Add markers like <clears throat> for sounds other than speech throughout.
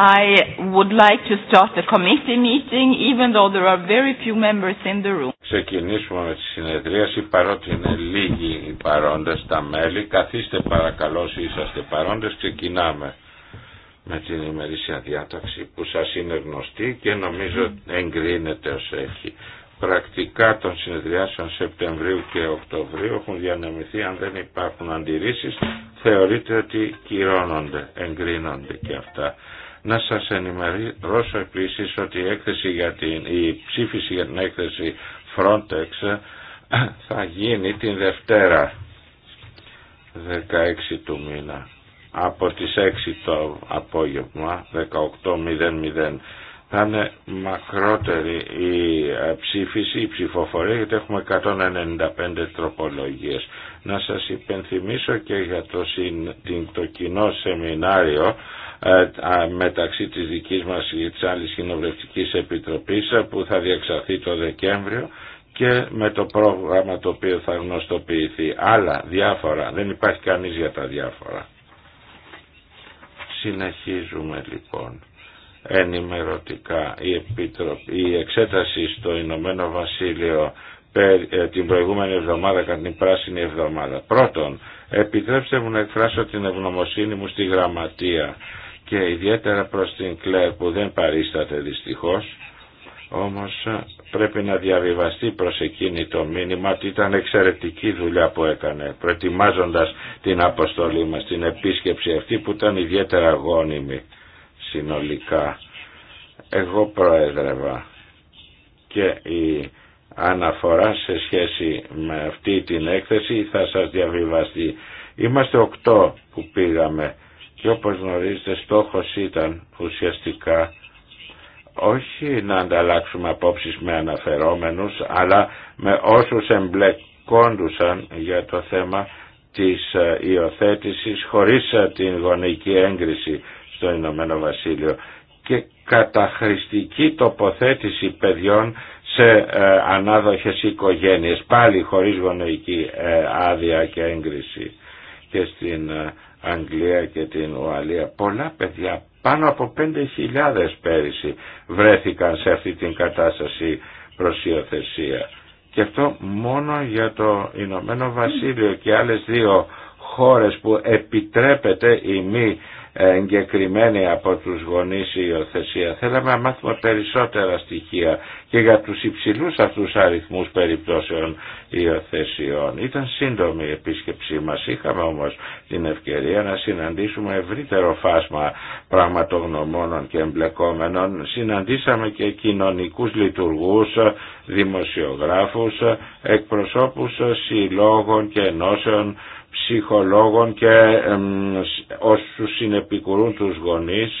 I would like to start the committee meeting, even though there are very few members in the room. Ξεκινήσουμε με τη συνεδρίαση, παρότι είναι λίγοι οι παρόντες τα μέλη. Καθίστε παρακαλώ όσοι είσαστε παρόντες. Ξεκινάμε με την ημερήσια διάταξη που σας είναι γνωστή και νομίζω εγκρίνεται ως έχει. Πρακτικά των συνεδριάσεων Σεπτεμβρίου και Οκτωβρίου έχουν διανεμηθεί. Αν δεν υπάρχουν αντιρρήσεις, θεωρείται ότι κυρώνονται, εγκρίνονται και αυτά. Να σας ενημερώσω επίσης ότι η, έκθεση για την, η ψήφιση για την έκθεση Frontex θα γίνει την Δευτέρα 16 του μήνα από τις 6 το απόγευμα 18.00 θα είναι μακρότερη η ε, ψήφιση, η ψηφοφορία, γιατί έχουμε 195 τροπολογίες. Να σας υπενθυμίσω και για το, το κοινό σεμινάριο ε, μεταξύ της δικής μας και της άλλης κοινοβουλευτικής επιτροπής ε, που θα διεξαχθεί το Δεκέμβριο και με το πρόγραμμα το οποίο θα γνωστοποιηθεί. Άλλα διάφορα, δεν υπάρχει κανείς για τα διάφορα. Συνεχίζουμε λοιπόν ενημερωτικά η, η εξέταση στο Ηνωμένο Βασίλειο ε, την προηγούμενη εβδομάδα κατά την πράσινη εβδομάδα. Πρώτον, επιτρέψτε μου να εκφράσω την ευγνωμοσύνη μου στη γραμματεία και ιδιαίτερα προς την Κλέρ που δεν παρίσταται δυστυχώς όμως πρέπει να διαβιβαστεί προς εκείνη το μήνυμα ότι ήταν εξαιρετική δουλειά που έκανε προετοιμάζοντας την αποστολή μας, την επίσκεψη αυτή που ήταν ιδιαίτερα γόνιμη συνολικά. Εγώ προέδρευα και η αναφορά σε σχέση με αυτή την έκθεση θα σας διαβιβαστεί. Είμαστε οκτώ που πήγαμε και όπως γνωρίζετε στόχος ήταν ουσιαστικά όχι να ανταλλάξουμε απόψεις με αναφερόμενους αλλά με όσους εμπλεκόντουσαν για το θέμα της ε, υιοθέτηση χωρίς ε, την γονική έγκριση στο Ηνωμένο Βασίλειο και καταχρηστική τοποθέτηση παιδιών σε ε, ανάδοχες οικογένειες, πάλι χωρίς γονεϊκή ε, άδεια και έγκριση και στην ε, Αγγλία και την Ουαλία. Πολλά παιδιά, πάνω από 5.000 πέρυσι βρέθηκαν σε αυτή την κατάσταση προσιοθεσία. Και αυτό μόνο για το Ηνωμένο Βασίλειο και άλλες δύο χώρες που επιτρέπεται η μη εγκεκριμένη από τους γονείς η υιοθεσία. Θέλαμε να μάθουμε περισσότερα στοιχεία και για τους υψηλούς αυτούς αριθμούς περιπτώσεων υιοθεσιών. Ήταν σύντομη η επίσκεψή μας, είχαμε όμως την ευκαιρία να συναντήσουμε ευρύτερο φάσμα πραγματογνωμόνων και εμπλεκόμενων. Συναντήσαμε και κοινωνικούς λειτουργούς, δημοσιογράφους, εκπροσώπους συλλόγων και ενώσεων ψυχολόγων και όσους συνεπικουρούν τους γονείς.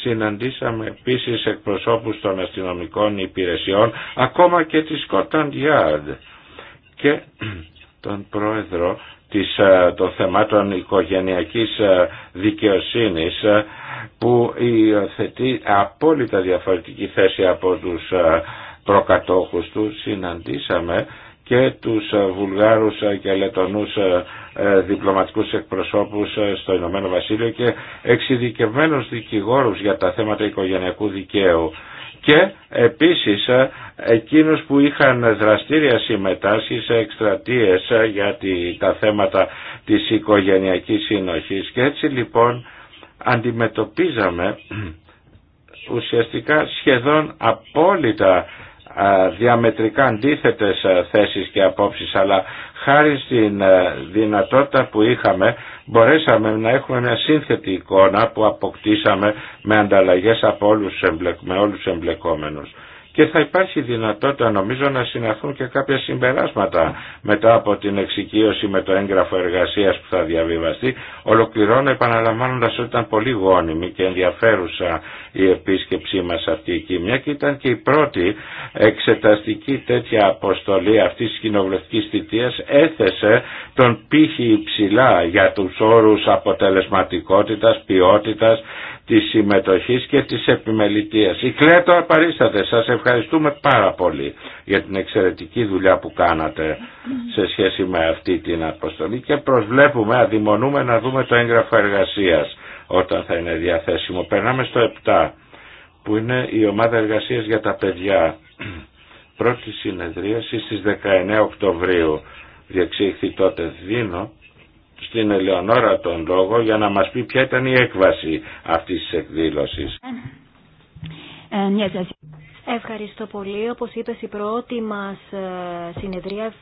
Συναντήσαμε επίσης εκπροσώπους των αστυνομικών υπηρεσιών, ακόμα και της Scotland και <clears throat> τον πρόεδρο της, ε, των θεμάτων οικογενειακής ε, δικαιοσύνης ε, που υιοθετεί απόλυτα διαφορετική θέση από τους προκατόχους του συναντήσαμε και τους ε, Βουλγάρους ε, και Λετωνούς ε, διπλωματικούς εκπροσώπους στο Ηνωμένο Βασίλειο και εξειδικευμένους δικηγόρους για τα θέματα οικογενειακού δικαίου και επίσης εκείνους που είχαν δραστήρια συμμετάσχει σε εκστρατείες για τα θέματα της οικογενειακής συνοχής και έτσι λοιπόν αντιμετωπίζαμε <clears throat> ουσιαστικά σχεδόν απόλυτα διαμετρικά αντίθετες θέσεις και απόψεις αλλά χάρη στην δυνατότητα που είχαμε μπορέσαμε να έχουμε μια σύνθετη εικόνα που αποκτήσαμε με ανταλλαγές από όλους, με όλους τους εμπλεκόμενους και θα υπάρχει δυνατότητα νομίζω να συναθούν και κάποια συμπεράσματα μετά από την εξοικείωση με το έγγραφο εργασίας που θα διαβιβαστεί. Ολοκληρώνω επαναλαμβάνοντας ότι ήταν πολύ γόνιμη και ενδιαφέρουσα η επίσκεψή μας αυτή εκεί. Μια και ήταν και η πρώτη εξεταστική τέτοια αποστολή αυτής της κοινοβουλευτικής θητείας έθεσε τον πύχη υψηλά για τους όρους αποτελεσματικότητας, ποιότητας της συμμετοχής και της επιμελητίας. Η Κλέτο απαρίσταται. Σας ευχαριστούμε πάρα πολύ για την εξαιρετική δουλειά που κάνατε σε σχέση με αυτή την αποστολή και προσβλέπουμε, αδειμονούμε να δούμε το έγγραφο εργασίας όταν θα είναι διαθέσιμο. Περνάμε στο 7 που είναι η ομάδα εργασίας για τα παιδιά. Πρώτη συνεδρίαση στις 19 Οκτωβρίου διεξήχθη τότε. Δίνω στην Ελεονόρα τον λόγο για να μας πει ποια ήταν η έκβαση αυτής της εκδήλωσης. Ευχαριστώ πολύ. Όπως είπες η πρώτη μας ε, συνεδρία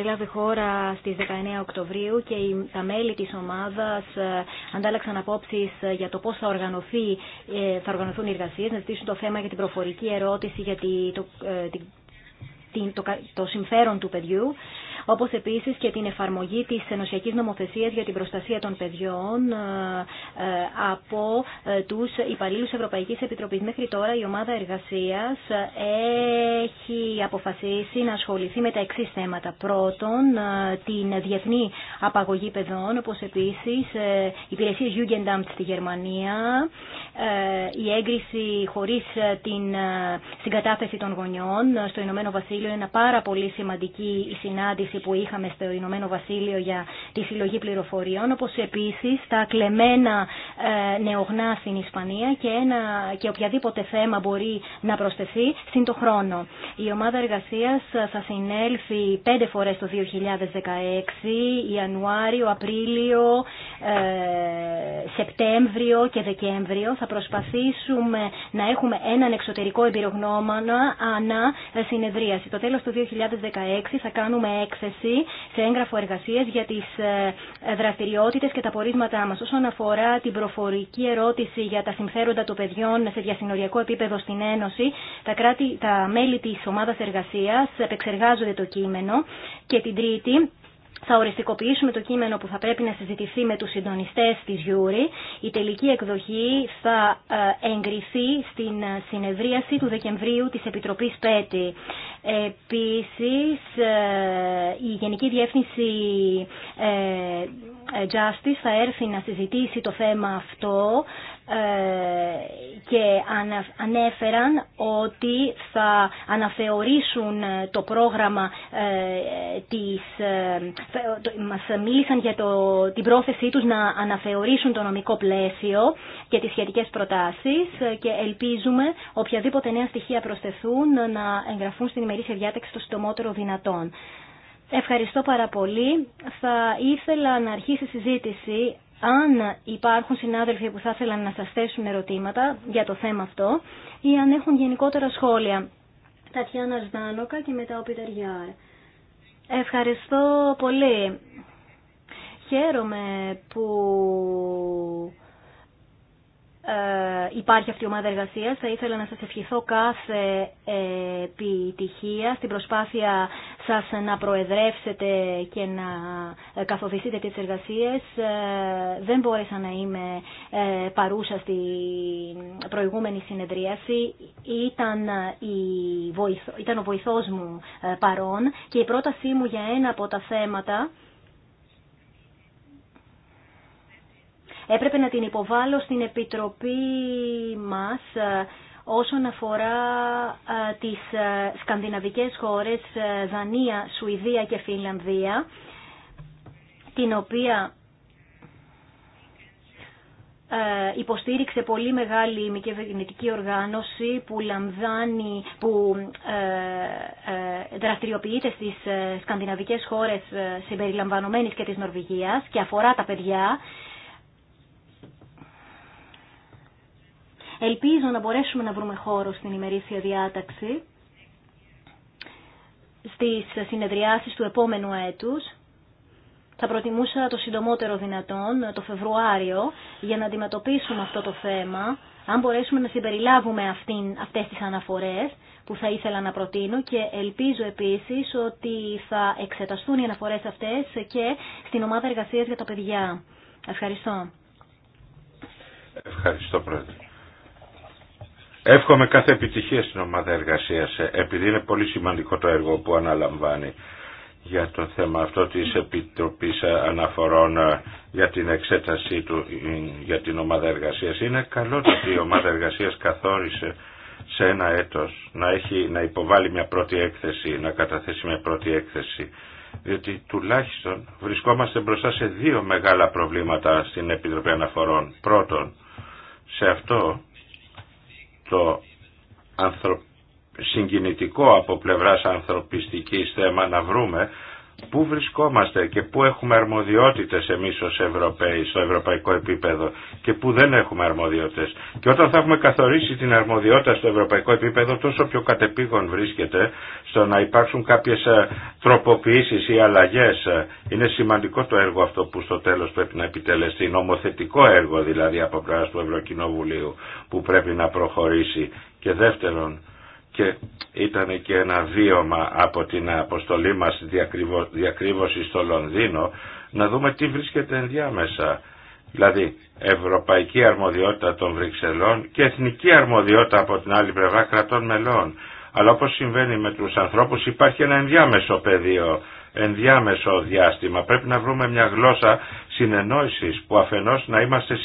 έλαβε χώρα στις 19 Οκτωβρίου και τα μέλη της ομάδας ε, αντάλλαξαν απόψεις ε, για το πώς θα, οργανωθεί, θα οργανωθούν οι εργασίες, να ζητήσουν το θέμα για την προφορική ερώτηση για το, το συμφέρον του παιδιού. Όπω επίση και την εφαρμογή της ενωσιακή νομοθεσίας για την προστασία των παιδιών ε, ε, από ε, τους υπαλλήλου Ευρωπαϊκής Επιτροπής. Μέχρι τώρα η ομάδα εργασίας έχει αποφασίσει να ασχοληθεί με τα εξή θέματα. Πρώτον, την διεθνή απαγωγή παιδών, όπως επίσης υπηρεσία Jugendamt στη Γερμανία, η έγκριση χωρί την συγκατάθεση των γονιών στο Ηνωμένο Βασίλειο, είναι ένα πάρα πολύ σημαντική συνάντηση που είχαμε στο Ηνωμένο Βασίλειο για τη συλλογή πληροφοριών, όπως επίσης τα κλεμμένα ε, νεογνά στην Ισπανία και, οποιαδήποτε θέμα μπορεί να προσθεθεί στην το χρόνο. Η ομάδα εργασίας θα συνέλθει πέντε φορές το 2016, Ιανουάριο, Απρίλιο, ε, Σεπτέμβριο και Δεκέμβριο. Θα προσπαθήσουμε να έχουμε έναν εξωτερικό εμπειρογνώμανα ανά συνεδρίαση. Το τέλος του 2016 θα κάνουμε έξεση σε έγγραφο εργασίε για τι ε, δραστηριότητε και τα πορίσματά μα. Όσον αφορά την προφορική ερώτηση για τα συμφέροντα των παιδιών σε διασυνοριακό επίπεδο στην Ένωση, τα, κράτη, τα μέλη τη ομάδα εργασία επεξεργάζονται το κείμενο και την τρίτη θα οριστικοποιήσουμε το κείμενο που θα πρέπει να συζητηθεί με τους συντονιστές της Γιούρη. Η τελική εκδοχή θα ε, εγκριθεί στην ε, συνεδρίαση του Δεκεμβρίου της Επιτροπής ΠΕΤΗ. Επίσης, ε, η Γενική Διεύθυνση Justice θα έρθει να συζητήσει το θέμα αυτό ε, και ανέφεραν ότι θα αναθεωρήσουν ε, το πρόγραμμα ε, της... Μας μίλησαν για το, την πρόθεσή τους να αναθεωρήσουν το νομικό πλαίσιο και τις σχετικές προτάσεις και ελπίζουμε οποιαδήποτε νέα στοιχεία προσθεθούν να εγγραφούν στην ημερήσια διάταξη το συντομότερο δυνατόν. Ευχαριστώ πάρα πολύ. Θα ήθελα να αρχίσει η συζήτηση αν υπάρχουν συνάδελφοι που θα ήθελαν να σας θέσουν ερωτήματα για το θέμα αυτό ή αν έχουν γενικότερα σχόλια. Τατιάνα Ζδάνοκα και μετά ο Πίτερ Ευχαριστώ πολύ. Χαίρομαι που ε, υπάρχει αυτή η ομάδα εργασία. Θα ήθελα να σας ευχηθώ κάθε ε, επιτυχία στην προσπάθεια σας να προεδρεύσετε και να ε, καθοδηγήσετε τις εργασίες. δεν μπόρεσα να είμαι παρούσα στην προηγούμενη συνεδρίαση. Ήταν, η βοηθό, ήταν ο βοηθός μου παρόν και η πρότασή μου για ένα από τα θέματα έπρεπε να την υποβάλω στην Επιτροπή μας ε, όσον αφορά ε, τις ε, σκανδιναβικές χώρες Δανία, Σουηδία και Φινλανδία, την οποία υποστήριξε πολύ μεγάλη μη οργάνωση που, λαμβάνει, που δραστηριοποιείται στις σκανδιναβικές χώρες συμπεριλαμβανομένης και της Νορβηγίας και αφορά τα παιδιά Ελπίζω να μπορέσουμε να βρούμε χώρο στην ημερήσια διάταξη στις συνεδριάσεις του επόμενου έτους. Θα προτιμούσα το συντομότερο δυνατόν, το Φεβρουάριο, για να αντιμετωπίσουμε αυτό το θέμα, αν μπορέσουμε να συμπεριλάβουμε αυτήν, αυτές τις αναφορές που θα ήθελα να προτείνω και ελπίζω επίσης ότι θα εξεταστούν οι αναφορές αυτές και στην ομάδα εργασίας για τα παιδιά. Ευχαριστώ. Ευχαριστώ, Πρόεδρε. Εύχομαι κάθε επιτυχία στην ομάδα εργασίας, ε, επειδή είναι πολύ σημαντικό το έργο που αναλαμβάνει για το θέμα αυτό της Επιτροπής Αναφορών ε, για την εξέτασή του ε, για την ομάδα εργασίας. Είναι καλό ότι η ομάδα εργασίας καθόρισε σε ένα έτος να, έχει, να υποβάλει μια πρώτη έκθεση, να καταθέσει μια πρώτη έκθεση. Διότι τουλάχιστον βρισκόμαστε μπροστά σε δύο μεγάλα προβλήματα στην Επιτροπή Αναφορών. Πρώτον, σε αυτό το συγκινητικό από πλευράς ανθρωπιστικής θέμα να βρούμε Πού βρισκόμαστε και πού έχουμε αρμοδιότητες εμείς ως Ευρωπαίοι στο ευρωπαϊκό επίπεδο και πού δεν έχουμε αρμοδιότητες. Και όταν θα έχουμε καθορίσει την αρμοδιότητα στο ευρωπαϊκό επίπεδο τόσο πιο κατεπήγον βρίσκεται στο να υπάρξουν κάποιες ε, τροποποιήσεις ή αλλαγές. Είναι σημαντικό το έργο αυτό που στο τέλος πρέπει να επιτελεστεί, νομοθετικό έργο δηλαδή από πράγμα του Ευρωκοινοβουλίου που πρέπει να προχωρήσει. Και δεύτερον, και ήταν και ένα βίωμα από την αποστολή μας διακρύβωση στο Λονδίνο να δούμε τι βρίσκεται ενδιάμεσα. Δηλαδή ευρωπαϊκή αρμοδιότητα των Βρυξελών και εθνική αρμοδιότητα από την άλλη πλευρά κρατών μελών. Αλλά όπως συμβαίνει με τους ανθρώπους υπάρχει ένα ενδιάμεσο πεδίο, ενδιάμεσο διάστημα. Πρέπει να βρούμε μια γλώσσα που αφενός να είμαστε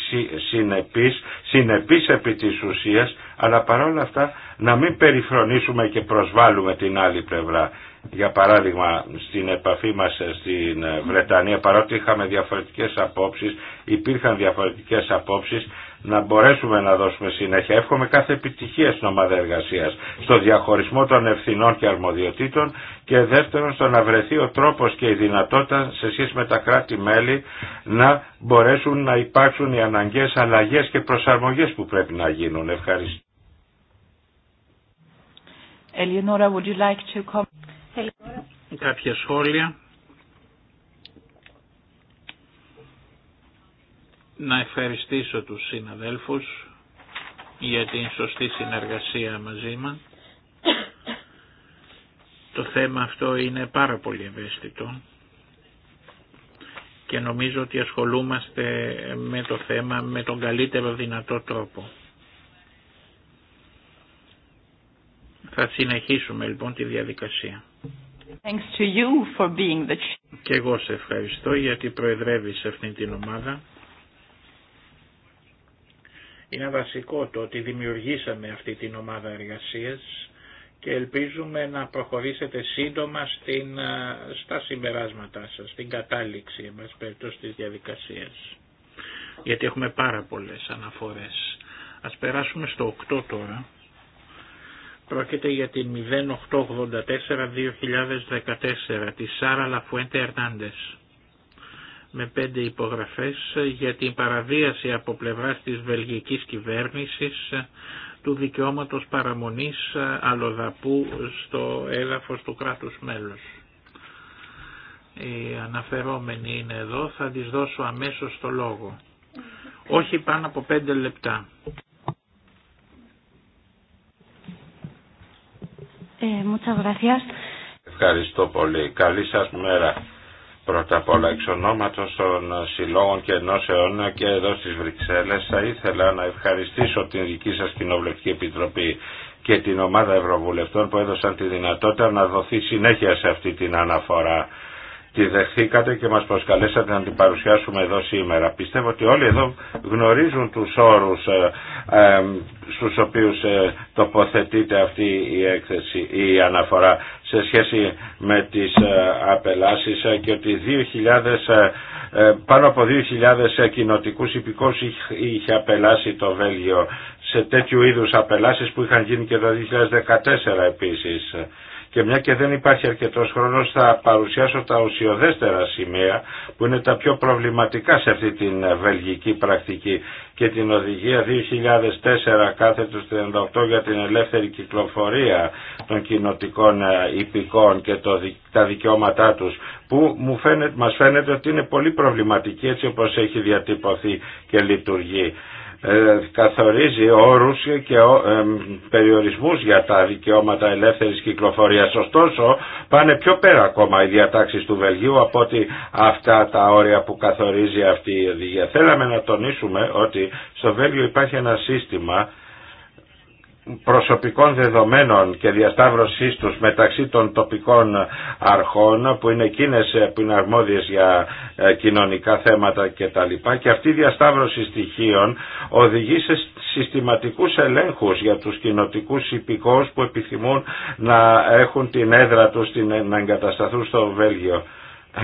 συνεπείς, συνεπείς επί της ουσίας, αλλά παρόλα αυτά να μην περιφρονήσουμε και προσβάλλουμε την άλλη πλευρά. Για παράδειγμα, στην επαφή μας στην Βρετανία, παρότι είχαμε διαφορετικές απόψεις, υπήρχαν διαφορετικές απόψεις, να μπορέσουμε να δώσουμε συνέχεια. Εύχομαι κάθε επιτυχία στην ομάδα εργασία, στο διαχωρισμό των ευθυνών και αρμοδιοτήτων και δεύτερον στο να βρεθεί ο τρόπο και η δυνατότητα σε σχέση με τα κράτη-μέλη να μπορέσουν να υπάρξουν οι αναγκαίε αλλαγέ και προσαρμογέ που πρέπει να γίνουν. Ευχαριστώ. would you like to come? Κάποια σχόλια. να ευχαριστήσω τους συναδέλφους για την σωστή συνεργασία μαζί μας. Το θέμα αυτό είναι πάρα πολύ ευαίσθητο και νομίζω ότι ασχολούμαστε με το θέμα με τον καλύτερο δυνατό τρόπο. Θα συνεχίσουμε λοιπόν τη διαδικασία. Και εγώ σε ευχαριστώ γιατί προεδρεύεις αυτήν την ομάδα. Είναι βασικό το ότι δημιουργήσαμε αυτή την ομάδα εργασίας και ελπίζουμε να προχωρήσετε σύντομα στην, στα συμπεράσματά σας, στην κατάληξη μας περίπτωση της διαδικασίας. Γιατί έχουμε πάρα πολλές αναφορές. Ας περάσουμε στο 8 τώρα. Πρόκειται για την 0884-2014 της Σάρα Λαφουέντε Ερνάντες με πέντε υπογραφές για την παραβίαση από πλευράς της βελγικής κυβέρνησης του δικαιώματος παραμονής αλλοδαπού στο έδαφος του κράτους μέλους. Οι αναφερόμενοι είναι εδώ, θα τις δώσω αμέσως το λόγο. Όχι πάνω από πέντε λεπτά. Ε, Ευχαριστώ πολύ. Καλή σας μέρα. Πρώτα απ' όλα εξ ονόματος των συλλόγων και ενώσεων και εδώ στις Βρυξέλλες θα ήθελα να ευχαριστήσω την δική σας Κοινοβουλευτική Επιτροπή και την ομάδα Ευρωβουλευτών που έδωσαν τη δυνατότητα να δοθεί συνέχεια σε αυτή την αναφορά τη δεχθήκατε και μας προσκαλέσατε να την παρουσιάσουμε εδώ σήμερα. Πιστεύω ότι όλοι εδώ γνωρίζουν τους όρους ε, ε στους οποίους ε, τοποθετείται αυτή η έκθεση ή η αναφορα σε σχέση με τις ε, απελάσεις και ότι 2.000, πάνω από 2.000 κοινοτικούς υπηκούς είχε απελάσει το Βέλγιο σε τέτοιου είδους απελάσεις που είχαν γίνει και το 2014 επίσης. Και μια και δεν υπάρχει αρκετός χρόνος θα παρουσιάσω τα ουσιοδέστερα σημεία που είναι τα πιο προβληματικά σε αυτή την βελγική πρακτική και την οδηγία 2004 κάθετος 38 για την ελεύθερη κυκλοφορία των κοινοτικών υπηκών και τα δικαιώματά τους που μου φαίνεται, μας φαίνεται ότι είναι πολύ προβληματική έτσι όπως έχει διατυπωθεί και λειτουργεί. Ε, καθορίζει όρους και ε, περιορισμούς για τα δικαιώματα ελεύθερης κυκλοφορίας. Ωστόσο πάνε πιο πέρα ακόμα οι διατάξεις του Βελγίου από ότι αυτά τα όρια που καθορίζει αυτή η οδηγία. Θέλαμε να τονίσουμε ότι στο Βέλγιο υπάρχει ένα σύστημα προσωπικών δεδομένων και διασταύρωσής τους μεταξύ των τοπικών αρχών που είναι εκείνε που είναι αρμόδιες για ε, κοινωνικά θέματα και και αυτή η διασταύρωση στοιχείων οδηγεί σε συστηματικούς ελέγχους για τους κοινοτικούς υπηκόους που επιθυμούν να έχουν την έδρα τους, να εγκατασταθούν στο Βέλγιο.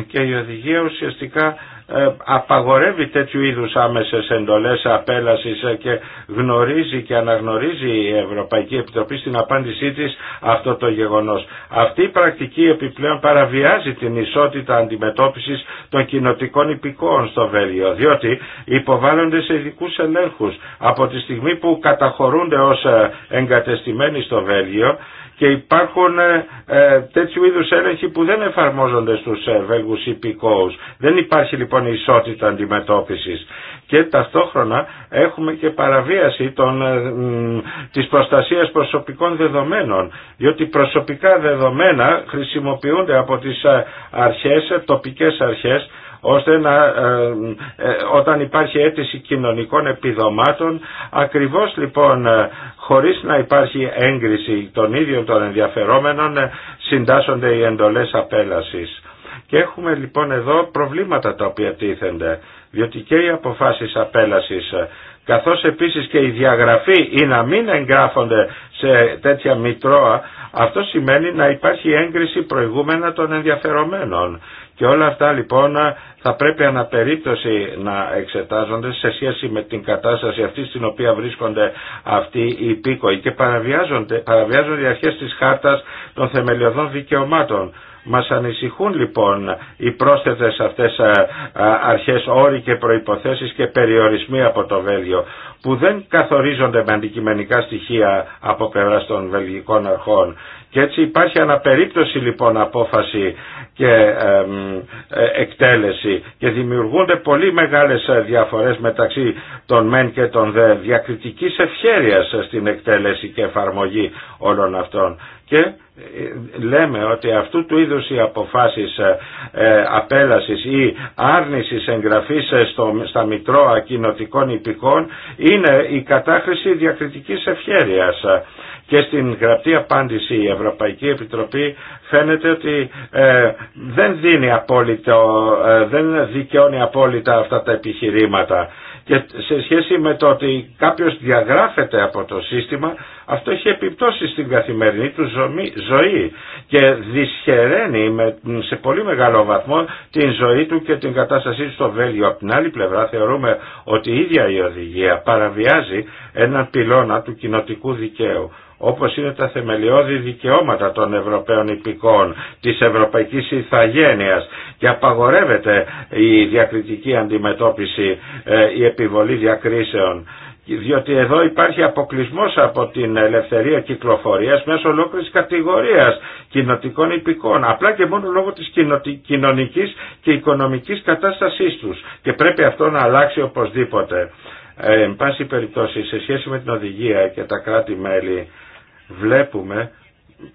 Και η οδηγία ουσιαστικά ε, απαγορεύει τέτοιου είδους άμεσες εντολές απέλασης και γνωρίζει και αναγνωρίζει η Ευρωπαϊκή Επιτροπή στην απάντησή της αυτό το γεγονός. Αυτή η πρακτική επιπλέον παραβιάζει την ισότητα αντιμετώπισης των κοινοτικών υπηκόων στο Βέλγιο, διότι υποβάλλονται σε ειδικού ελέγχους από τη στιγμή που καταχωρούνται ως ε, εγκατεστημένοι στο Βέλγιο και υπάρχουν ε, ε, τέτοιου είδους έλεγχοι που δεν εφαρμόζονται στους ε, Βέλγους υπηκόους. Δεν υπάρχει λοιπόν ισότητα αντιμετώπισης και ταυτόχρονα έχουμε και παραβίαση των, της προστασίας προσωπικών δεδομένων διότι προσωπικά δεδομένα χρησιμοποιούνται από τις αρχές, τοπικές αρχές ώστε να, ε, ε, όταν υπάρχει αίτηση κοινωνικών επιδομάτων ακριβώς λοιπόν ε, χωρίς να υπάρχει έγκριση των ίδιων των ενδιαφερόμενων συντάσσονται οι εντολές απέλασης. Και έχουμε λοιπόν εδώ προβλήματα τα οποία τίθενται, διότι και οι αποφάσεις απέλασης καθώς επίσης και η διαγραφή ή να μην εγγράφονται σε τέτοια μητρώα, αυτό σημαίνει να υπάρχει έγκριση προηγούμενα των ενδιαφερομένων και όλα αυτά λοιπόν θα πρέπει αναπερίπτωση να εξετάζονται σε σχέση με την κατάσταση αυτή στην οποία βρίσκονται αυτοί οι υπήκοοι και παραβιάζονται, οι αρχές της χάρτας των θεμελιωδών δικαιωμάτων. Μας ανησυχούν λοιπόν οι πρόσθετες αυτές αρχές όροι και προϋποθέσεις και περιορισμοί από το Βέλγιο που δεν καθορίζονται με αντικειμενικά στοιχεία από πλευρά των βελγικών αρχών και έτσι υπάρχει αναπερίπτωση λοιπόν απόφαση και ε, εκτέλεση και δημιουργούνται πολύ μεγάλες ε, διαφορές μεταξύ των μεν και των δε διακριτικής ευχέρειας ε, στην εκτέλεση και εφαρμογή όλων αυτών. Και λέμε ότι αυτού του είδους οι αποφάσεις απέλασης ή άρνησης εγγραφής στο, στα Μητρώα Κοινοτικών Υπηκών είναι η κατάχρηση διακριτικής ευχέρειας και στην γραπτή απάντηση η Ευρωπαϊκή Επιτροπή φαίνεται ότι ε, δεν δίνει απόλυτο, ε, δεν δικαιώνει απόλυτα αυτά τα επιχειρήματα. Και σε σχέση με το ότι κάποιος διαγράφεται από το σύστημα, αυτό έχει επιπτώσει στην καθημερινή του ζωή και δυσχεραίνει σε πολύ μεγάλο βαθμό την ζωή του και την κατάστασή του στο Βέλγιο. Από την άλλη πλευρά θεωρούμε ότι η ίδια η οδηγία παραβιάζει έναν πυλώνα του κοινοτικού δικαίου όπως είναι τα θεμελιώδη δικαιώματα των Ευρωπαίων υπηκών, της Ευρωπαϊκής Ιθαγένειας και απαγορεύεται η διακριτική αντιμετώπιση, ε, η επιβολή διακρίσεων διότι εδώ υπάρχει αποκλεισμός από την ελευθερία κυκλοφορίας μέσω ολόκληρης κατηγορίας κοινοτικών υπηκών, απλά και μόνο λόγω της κοινωνικής και οικονομικής κατάστασής τους και πρέπει αυτό να αλλάξει οπωσδήποτε. Ε, εν πάση περιπτώσει, σε σχέση με την οδηγία και τα κράτη-μέλη, βλέπουμε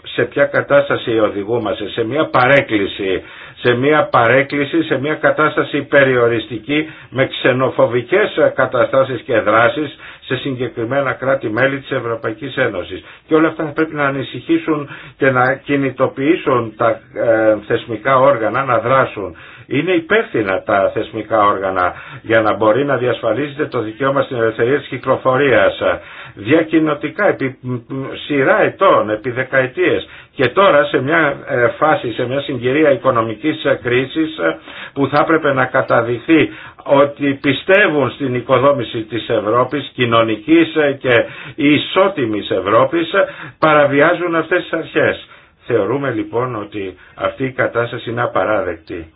σε ποια κατάσταση οδηγούμαστε, σε μια παρέκκληση, σε μια παρέκκληση, σε μια κατάσταση περιοριστική με ξενοφοβικές καταστάσεις και δράσεις σε συγκεκριμένα κράτη-μέλη της Ευρωπαϊκής Ένωσης. Και όλα αυτά θα πρέπει να ανησυχήσουν και να κινητοποιήσουν τα ε, θεσμικά όργανα να δράσουν. Είναι υπεύθυνα τα θεσμικά όργανα για να μπορεί να διασφαλίζεται το δικαίωμα στην ελευθερία της κυκλοφορίας. Διακοινωτικά επί σειρά ετών, επί δεκαετίες και τώρα σε μια ε, φάση, σε μια συγκυρία οικονομικής ε, κρίσης ε, που θα έπρεπε να καταδειχθεί ότι πιστεύουν στην οικοδόμηση της Ευρώπης, κοινωνικής και ισότιμης Ευρώπης, παραβιάζουν αυτές τις αρχές. Θεωρούμε λοιπόν ότι αυτή η κατάσταση είναι απαράδεκτη.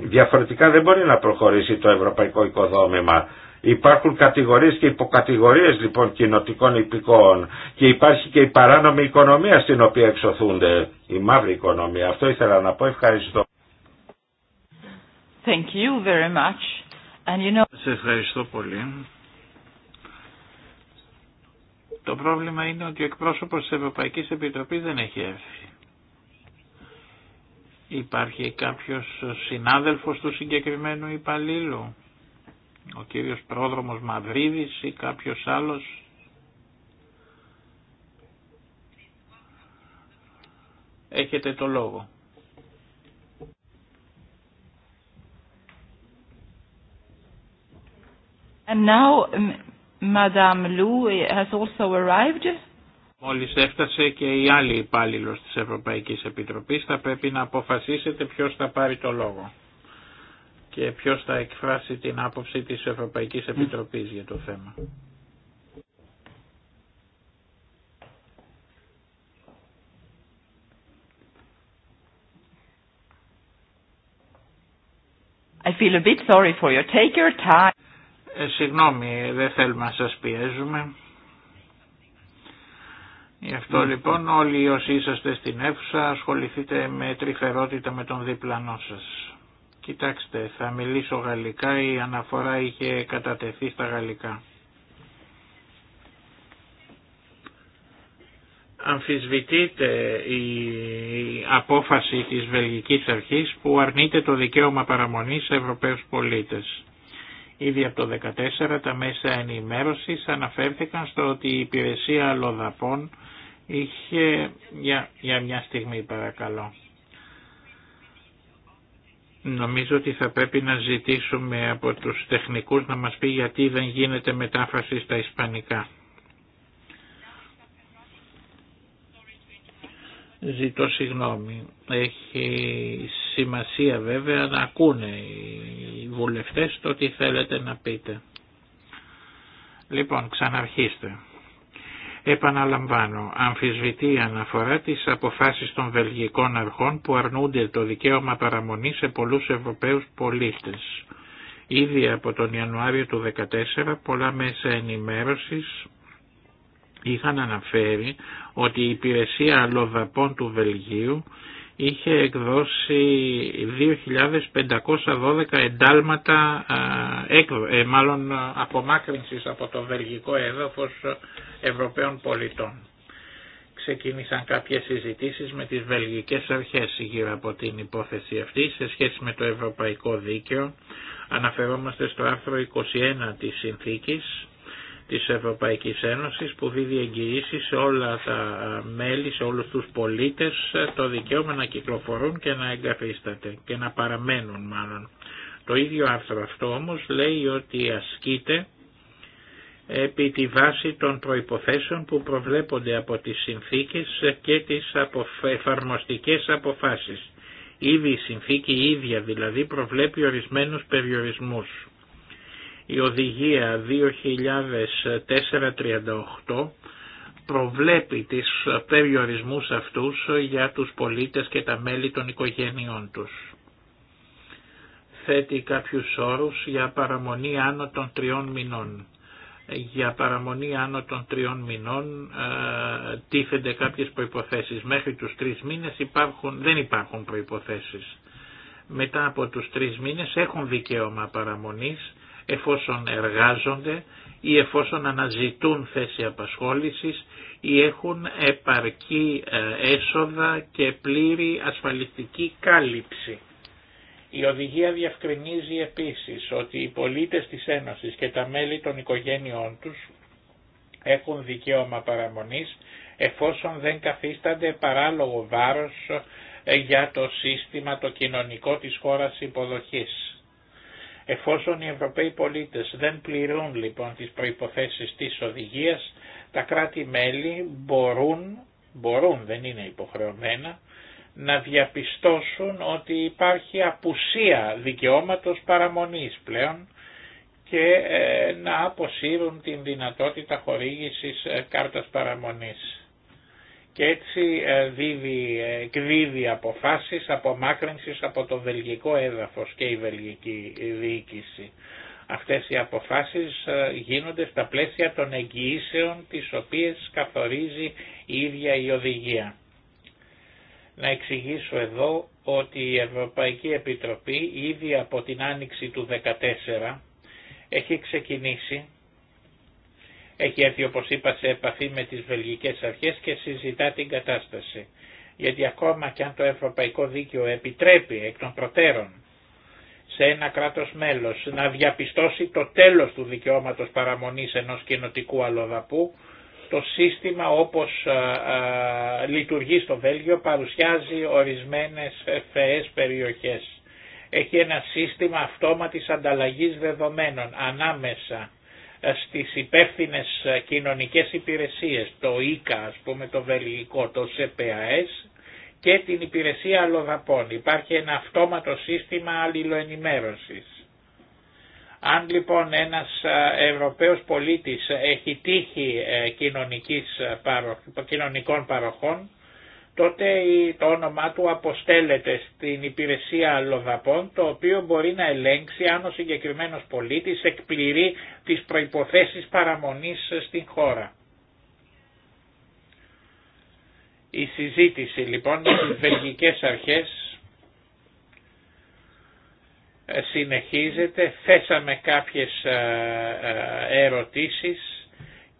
Διαφορετικά δεν μπορεί να προχωρήσει το ευρωπαϊκό οικοδόμημα Υπάρχουν κατηγορίες και υποκατηγορίες λοιπόν κοινοτικών υπηκόων και υπάρχει και η παράνομη οικονομία στην οποία εξωθούνται η μαύρη οικονομία. Αυτό ήθελα να πω. Ευχαριστώ. Thank you very much. Σε ευχαριστώ πολύ. Το πρόβλημα είναι ότι ο εκπρόσωπος της Ευρωπαϊκής Επιτροπής δεν έχει έρθει. Υπάρχει κάποιος συνάδελφος του συγκεκριμένου υπαλλήλου ο κύριος πρόδρομος Μαυρίδης ή κάποιος άλλος. Έχετε το λόγο. And now, Μόλις έφτασε και η άλλη υπάλληλος της Ευρωπαϊκής Επιτροπής θα πρέπει να αποφασίσετε ποιος θα πάρει το λόγο και ποιος θα εκφράσει την άποψη της Ευρωπαϊκής Επιτροπής για το θέμα. I feel ε, συγγνώμη, δεν θέλουμε να σας πιέζουμε. Γι' αυτό mm. λοιπόν όλοι όσοι είσαστε στην αίθουσα ασχοληθείτε με τρυφερότητα με τον διπλανό σας. Κοιτάξτε, θα μιλήσω γαλλικά, η αναφορά είχε κατατεθεί στα γαλλικά. αμφισβητείται η απόφαση της Βελγικής Αρχής που αρνείται το δικαίωμα παραμονής σε Ευρωπαίους πολίτες. Ήδη από το 2014 τα μέσα ενημέρωσης αναφέρθηκαν στο ότι η υπηρεσία αλλοδαπών είχε... Για, για μια στιγμή παρακαλώ. Νομίζω ότι θα πρέπει να ζητήσουμε από τους τεχνικούς να μας πει γιατί δεν γίνεται μετάφραση στα ισπανικά. Ζητώ συγγνώμη. Έχει σημασία βέβαια να ακούνε οι βουλευτές το τι θέλετε να πείτε. Λοιπόν, ξαναρχίστε. Επαναλαμβάνω, αμφισβητεί η αναφορά της αποφάσεις των βελγικών αρχών που αρνούνται το δικαίωμα παραμονή σε πολλούς Ευρωπαίους πολίτες. Ήδη από τον Ιανουάριο του 2014 πολλά μέσα ενημέρωσης είχαν αναφέρει ότι η υπηρεσία αλλοδαπών του Βελγίου είχε εκδώσει 2.512 εντάλματα, ε, μάλλον απομάκρυνσης από το βελγικό έδαφος Ευρωπαίων πολιτών. Ξεκίνησαν κάποιες συζητήσεις με τις βελγικές αρχές γύρω από την υπόθεση αυτή σε σχέση με το ευρωπαϊκό δίκαιο. Αναφερόμαστε στο άρθρο 21 της συνθήκης της Ευρωπαϊκής Ένωσης που δίδει εγγυήσει σε όλα τα μέλη, σε όλους τους πολίτες το δικαίωμα να κυκλοφορούν και να εγκαθίσταται και να παραμένουν μάλλον. Το ίδιο άρθρο αυτό όμως λέει ότι ασκείται επί τη βάση των προϋποθέσεων που προβλέπονται από τις συνθήκες και τις εφαρμοστικές αποφάσεις. Ήδη η συνθήκη ίδια δηλαδή προβλέπει ορισμένους περιορισμούς. Η οδηγία 2004-38 προβλέπει τις περιορισμούς αυτούς για τους πολίτες και τα μέλη των οικογένειών τους. Θέτει κάποιους όρους για παραμονή άνω των τριών μηνών. Για παραμονή άνω των τριών μηνών ε, τίθενται κάποιες προϋποθέσεις. Μέχρι τους τρεις μήνες υπάρχουν, δεν υπάρχουν προϋποθέσεις. Μετά από τους τρεις μήνες έχουν δικαίωμα παραμονής εφόσον εργάζονται ή εφόσον αναζητούν θέση απασχόλησης ή έχουν επαρκή ε, έσοδα και πλήρη ασφαλιστική κάλυψη. Η οδηγία διευκρινίζει επίσης ότι οι πολίτες της Ένωσης και τα μέλη των οικογένειών τους έχουν δικαίωμα παραμονής εφόσον δεν καθίστανται παράλογο βάρος ε, για το σύστημα το κοινωνικό της χώρας υποδοχής. Εφόσον οι Ευρωπαίοι πολίτες δεν πληρούν λοιπόν τις προϋποθέσεις της οδηγίας, τα κράτη-μέλη μπορούν, μπορούν, δεν είναι υποχρεωμένα, να διαπιστώσουν ότι υπάρχει απουσία δικαιώματος παραμονής πλέον και ε, να αποσύρουν την δυνατότητα χορήγησης ε, κάρτας παραμονής και έτσι ε, δίδει, ε, εκδίδει αποφάσεις απομάκρυνσης από το βελγικό έδαφος και η βελγική διοίκηση. Αυτές οι αποφάσεις ε, γίνονται στα πλαίσια των εγγυήσεων τις οποίες καθορίζει η ίδια η οδηγία. Να εξηγήσω εδώ ότι η Ευρωπαϊκή Επιτροπή ήδη από την άνοιξη του 2014 έχει ξεκινήσει έχει έρθει όπως είπα σε επαφή με τις βελγικές αρχές και συζητά την κατάσταση. Γιατί ακόμα και αν το Ευρωπαϊκό Δίκαιο επιτρέπει εκ των προτέρων σε ένα κράτος μέλος να διαπιστώσει το τέλος του δικαιώματος παραμονής ενός κοινοτικού αλλοδαπού, το σύστημα όπως λειτουργεί στο Βέλγιο παρουσιάζει ορισμένες φαιές περιοχές. Έχει ένα σύστημα αυτόματης ανταλλαγής δεδομένων ανάμεσα ε, στις υπεύθυνε ε, κοινωνικές υπηρεσίες, το ΙΚΑ ας πούμε το βελγικό, το ΣΕΠΑΕΣ και την υπηρεσία αλλοδαπών. Υπάρχει ένα αυτόματο σύστημα αλληλοενημέρωσης. Αν λοιπόν ένας ε, Ευρωπαίος πολίτης έχει τύχη κοινωνικών παροχών, τότε το όνομά του αποστέλλεται στην υπηρεσία αλλοδαπών, το οποίο μπορεί να ελέγξει αν ο συγκεκριμένος πολίτης εκπληρεί τις προϋποθέσεις παραμονής στην χώρα. Η συζήτηση λοιπόν με τις βελγικές αρχές συνεχίζεται, θέσαμε κάποιες ε, ε, ερωτήσεις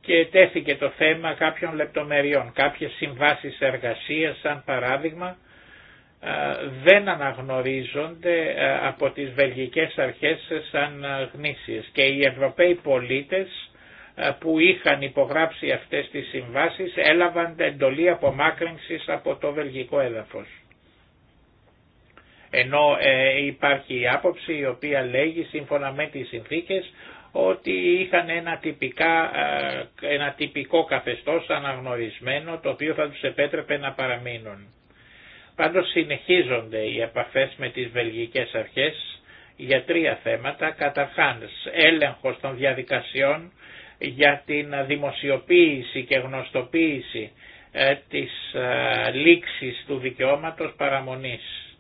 και τέθηκε το θέμα κάποιων λεπτομεριών. Κάποιες συμβάσεις εργασίας, σαν παράδειγμα, δεν αναγνωρίζονται από τις βελγικές αρχές σαν γνήσιες και οι Ευρωπαίοι πολίτες που είχαν υπογράψει αυτές τις συμβάσεις έλαβαν εντολή απομάκρυνσης από το βελγικό έδαφος. Ενώ ε, υπάρχει η άποψη η οποία λέγει σύμφωνα με τις συνθήκες ότι είχαν ένα, τυπικά, ε, ένα τυπικό καθεστώς αναγνωρισμένο το οποίο θα τους επέτρεπε να παραμείνουν. Πάντως συνεχίζονται οι επαφές με τις βελγικές αρχές για τρία θέματα. Καταρχάς έλεγχος των διαδικασιών για την δημοσιοποίηση και γνωστοποίηση ε, της ε, λήξης του δικαιώματος παραμονής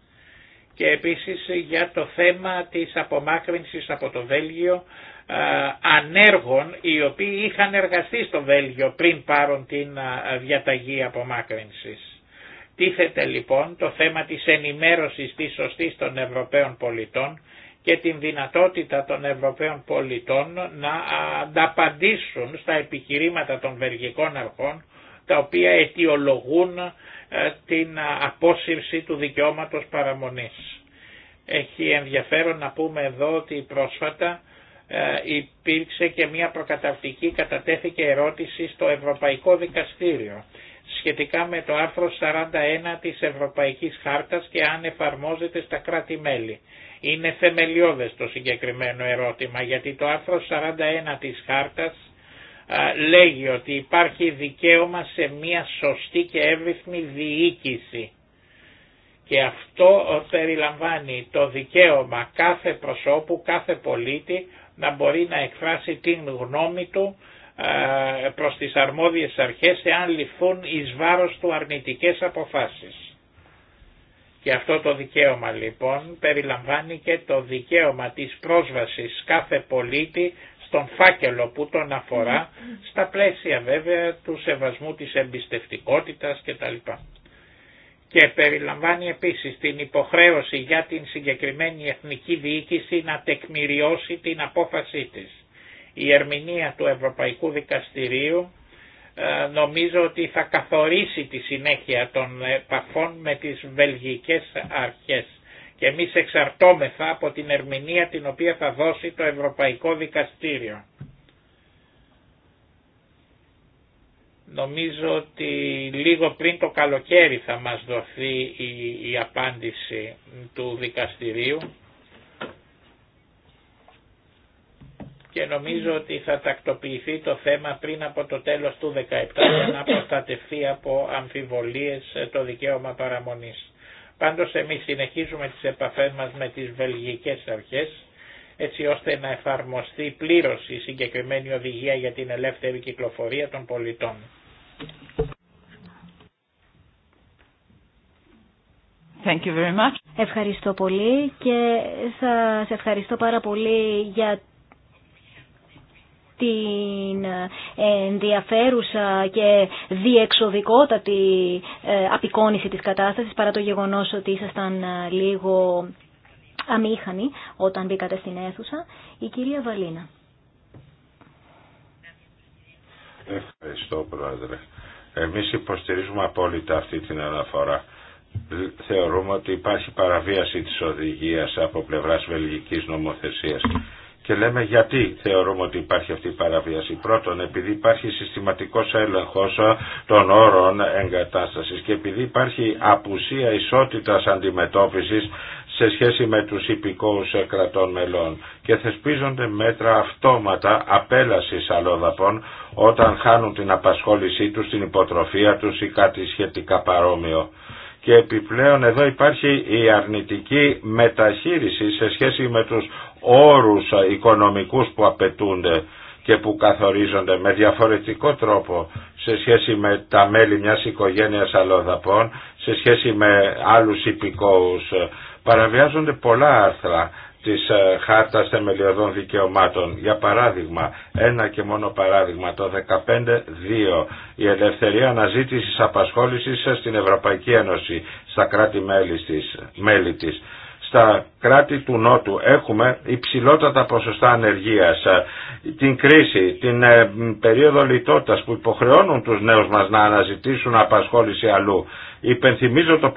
και επίσης για το θέμα της απομάκρυνσης από το Βέλγιο ε, ανέργων οι οποίοι είχαν εργαστεί στο Βέλγιο πριν πάρουν την ε, διαταγή απομάκρυνσης. Τίθεται λοιπόν το θέμα της ενημέρωσης της σωστής των Ευρωπαίων πολιτών και την δυνατότητα των Ευρωπαίων πολιτών να ε, ανταπαντήσουν στα επιχειρήματα των βελγικών αρχών τα οποία αιτιολογούν την απόσυρση του δικαιώματος παραμονής. Έχει ενδιαφέρον να πούμε εδώ ότι πρόσφατα ε, υπήρξε και μια προκαταρτική κατατέθηκε ερώτηση στο Ευρωπαϊκό Δικαστήριο σχετικά με το άρθρο 41 της Ευρωπαϊκής Χάρτας και αν εφαρμόζεται στα κράτη-μέλη. Είναι θεμελιώδες το συγκεκριμένο ερώτημα γιατί το άρθρο 41 της Χάρτας ε, λέγει ότι υπάρχει δικαίωμα σε μια σωστή και εύρυθμη διοίκηση και αυτό ε, περιλαμβάνει το δικαίωμα κάθε προσώπου, κάθε πολίτη να μπορεί να εκφράσει την γνώμη του ε, προς τις αρμόδιες αρχές εάν ληφθούν εις βάρος του αρνητικές αποφάσεις. Και αυτό το δικαίωμα λοιπόν περιλαμβάνει και το δικαίωμα της πρόσβασης κάθε πολίτη στον φάκελο που τον αφορά, mm-hmm. στα πλαίσια βέβαια του σεβασμού της εμπιστευτικότητας κτλ και περιλαμβάνει επίσης την υποχρέωση για την συγκεκριμένη εθνική διοίκηση να τεκμηριώσει την απόφασή της. Η ερμηνεία του Ευρωπαϊκού Δικαστηρίου ε, νομίζω ότι θα καθορίσει τη συνέχεια των επαφών με τις βελγικές αρχές και εμείς εξαρτώμεθα από την ερμηνεία την οποία θα δώσει το Ευρωπαϊκό Δικαστήριο. Νομίζω ότι λίγο πριν το καλοκαίρι θα μας δοθεί η, η απάντηση του δικαστηρίου και νομίζω ότι θα τακτοποιηθεί το θέμα πριν από το τέλος του 17 για να προστατευτεί από αμφιβολίες το δικαίωμα παραμονής. Πάντως εμείς συνεχίζουμε τις επαφές μας με τις βελγικές αρχές έτσι ώστε να εφαρμοστεί πλήρως η συγκεκριμένη οδηγία για την ελεύθερη κυκλοφορία των πολιτών. Thank you very much. Ευχαριστώ πολύ και σας ευχαριστώ πάρα πολύ για την ενδιαφέρουσα και διεξοδικότατη ε, απεικόνηση της κατάστασης παρά το γεγονός ότι ήσασταν ε, λίγο αμήχανοι όταν μπήκατε στην αίθουσα. Η κυρία Βαλίνα. Ευχαριστώ Πρόεδρε. Εμείς υποστηρίζουμε απόλυτα αυτή την αναφορά. Θεωρούμε ότι υπάρχει παραβίαση της οδηγίας από πλευράς βελγικής νομοθεσίας. Και λέμε γιατί θεωρούμε ότι υπάρχει αυτή η παραβίαση. Πρώτον, επειδή υπάρχει συστηματικός έλεγχος των όρων εγκατάστασης και επειδή υπάρχει απουσία ισότητας αντιμετώπισης σε σχέση με τους υπηκόους κρατών μελών και θεσπίζονται μέτρα αυτόματα απέλασης αλλοδαπών όταν χάνουν την απασχόλησή τους, την υποτροφία τους ή κάτι σχετικά παρόμοιο. Και επιπλέον εδώ υπάρχει η αρνητική μεταχείριση σε σχέση με τους όρους οικονομικούς που απαιτούνται και που καθορίζονται με διαφορετικό τρόπο σε σχέση με τα μέλη μιας οικογένειας αλλοδαπών, σε σχέση με άλλους υπηκόους. Παραβιάζονται πολλά άρθρα της ε, Χάρτας Θεμελιωδών Δικαιωμάτων. Για παράδειγμα, ένα και μόνο παράδειγμα, το 15.2, η ελευθερία αναζήτησης απασχόλησης στην Ευρωπαϊκή Ένωση, στα κράτη-μέλη της, μέλη της. Στα κράτη του Νότου έχουμε υψηλότατα ποσοστά ανεργίας, την κρίση, την ε, περίοδο λιτότητας που υποχρεώνουν τους νέους μας να αναζητήσουν απασχόληση αλλού. Υπενθυμίζω το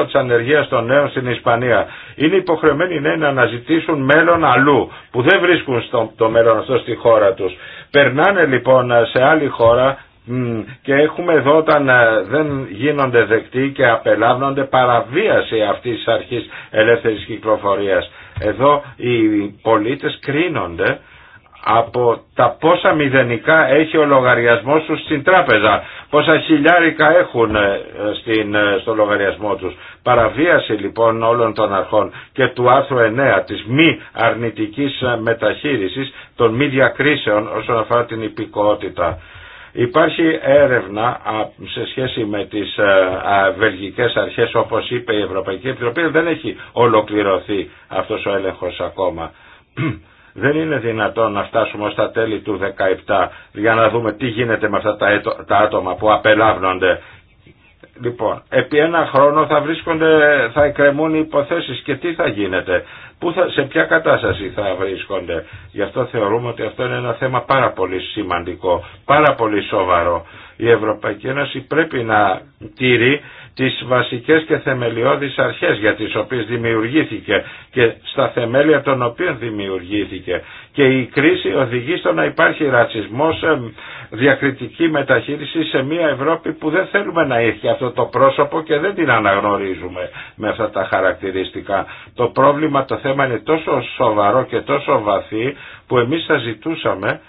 50% της ανεργίας των νέων στην Ισπανία. Είναι υποχρεωμένοι οι ναι, να αναζητήσουν μέλλον αλλού που δεν βρίσκουν στο, το μέλλον αυτό στη χώρα τους. Περνάνε λοιπόν σε άλλη χώρα και έχουμε εδώ όταν ε, δεν γίνονται δεκτοί και απελάβνονται παραβίαση αυτής της αρχής ελεύθερης κυκλοφορίας. Εδώ οι πολίτες κρίνονται από τα πόσα μηδενικά έχει ο λογαριασμός τους στην τράπεζα, πόσα χιλιάρικα έχουν ε, στην, ε, στο λογαριασμό τους. Παραβίαση λοιπόν όλων των αρχών και του άρθρου 9 της μη αρνητικής ε, μεταχείρισης των μη διακρίσεων όσον αφορά την υπηκότητα. Υπάρχει έρευνα σε σχέση με τις βελγικές αρχές όπως είπε η Ευρωπαϊκή Επιτροπή δεν έχει ολοκληρωθεί αυτός ο έλεγχος ακόμα. <clears throat> Δεν είναι δυνατόν να φτάσουμε στα τέλη του 17 για να δούμε τι γίνεται με αυτά τα άτομα που απελάβνονται. Λοιπόν, επί ένα χρόνο θα βρίσκονται, θα εκκρεμούν οι υποθέσεις και τι θα γίνεται, που θα, σε ποια κατάσταση θα βρίσκονται. Γι' αυτό θεωρούμε ότι αυτό είναι ένα θέμα πάρα πολύ σημαντικό, πάρα πολύ σοβαρό. Η Ευρωπαϊκή Ένωση πρέπει να τηρεί τις βασικές και θεμελιώδεις αρχές για τις οποίες δημιουργήθηκε και στα θεμέλια των οποίων δημιουργήθηκε. Και η κρίση οδηγεί στο να υπάρχει ρατσισμός, διακριτική μεταχείριση σε μια Ευρώπη που δεν θέλουμε να έχει αυτό το πρόσωπο και δεν την αναγνωρίζουμε με αυτά τα χαρακτηριστικά. Το πρόβλημα, το θέμα είναι τόσο σοβαρό και τόσο βαθύ που εμείς θα ζητούσαμε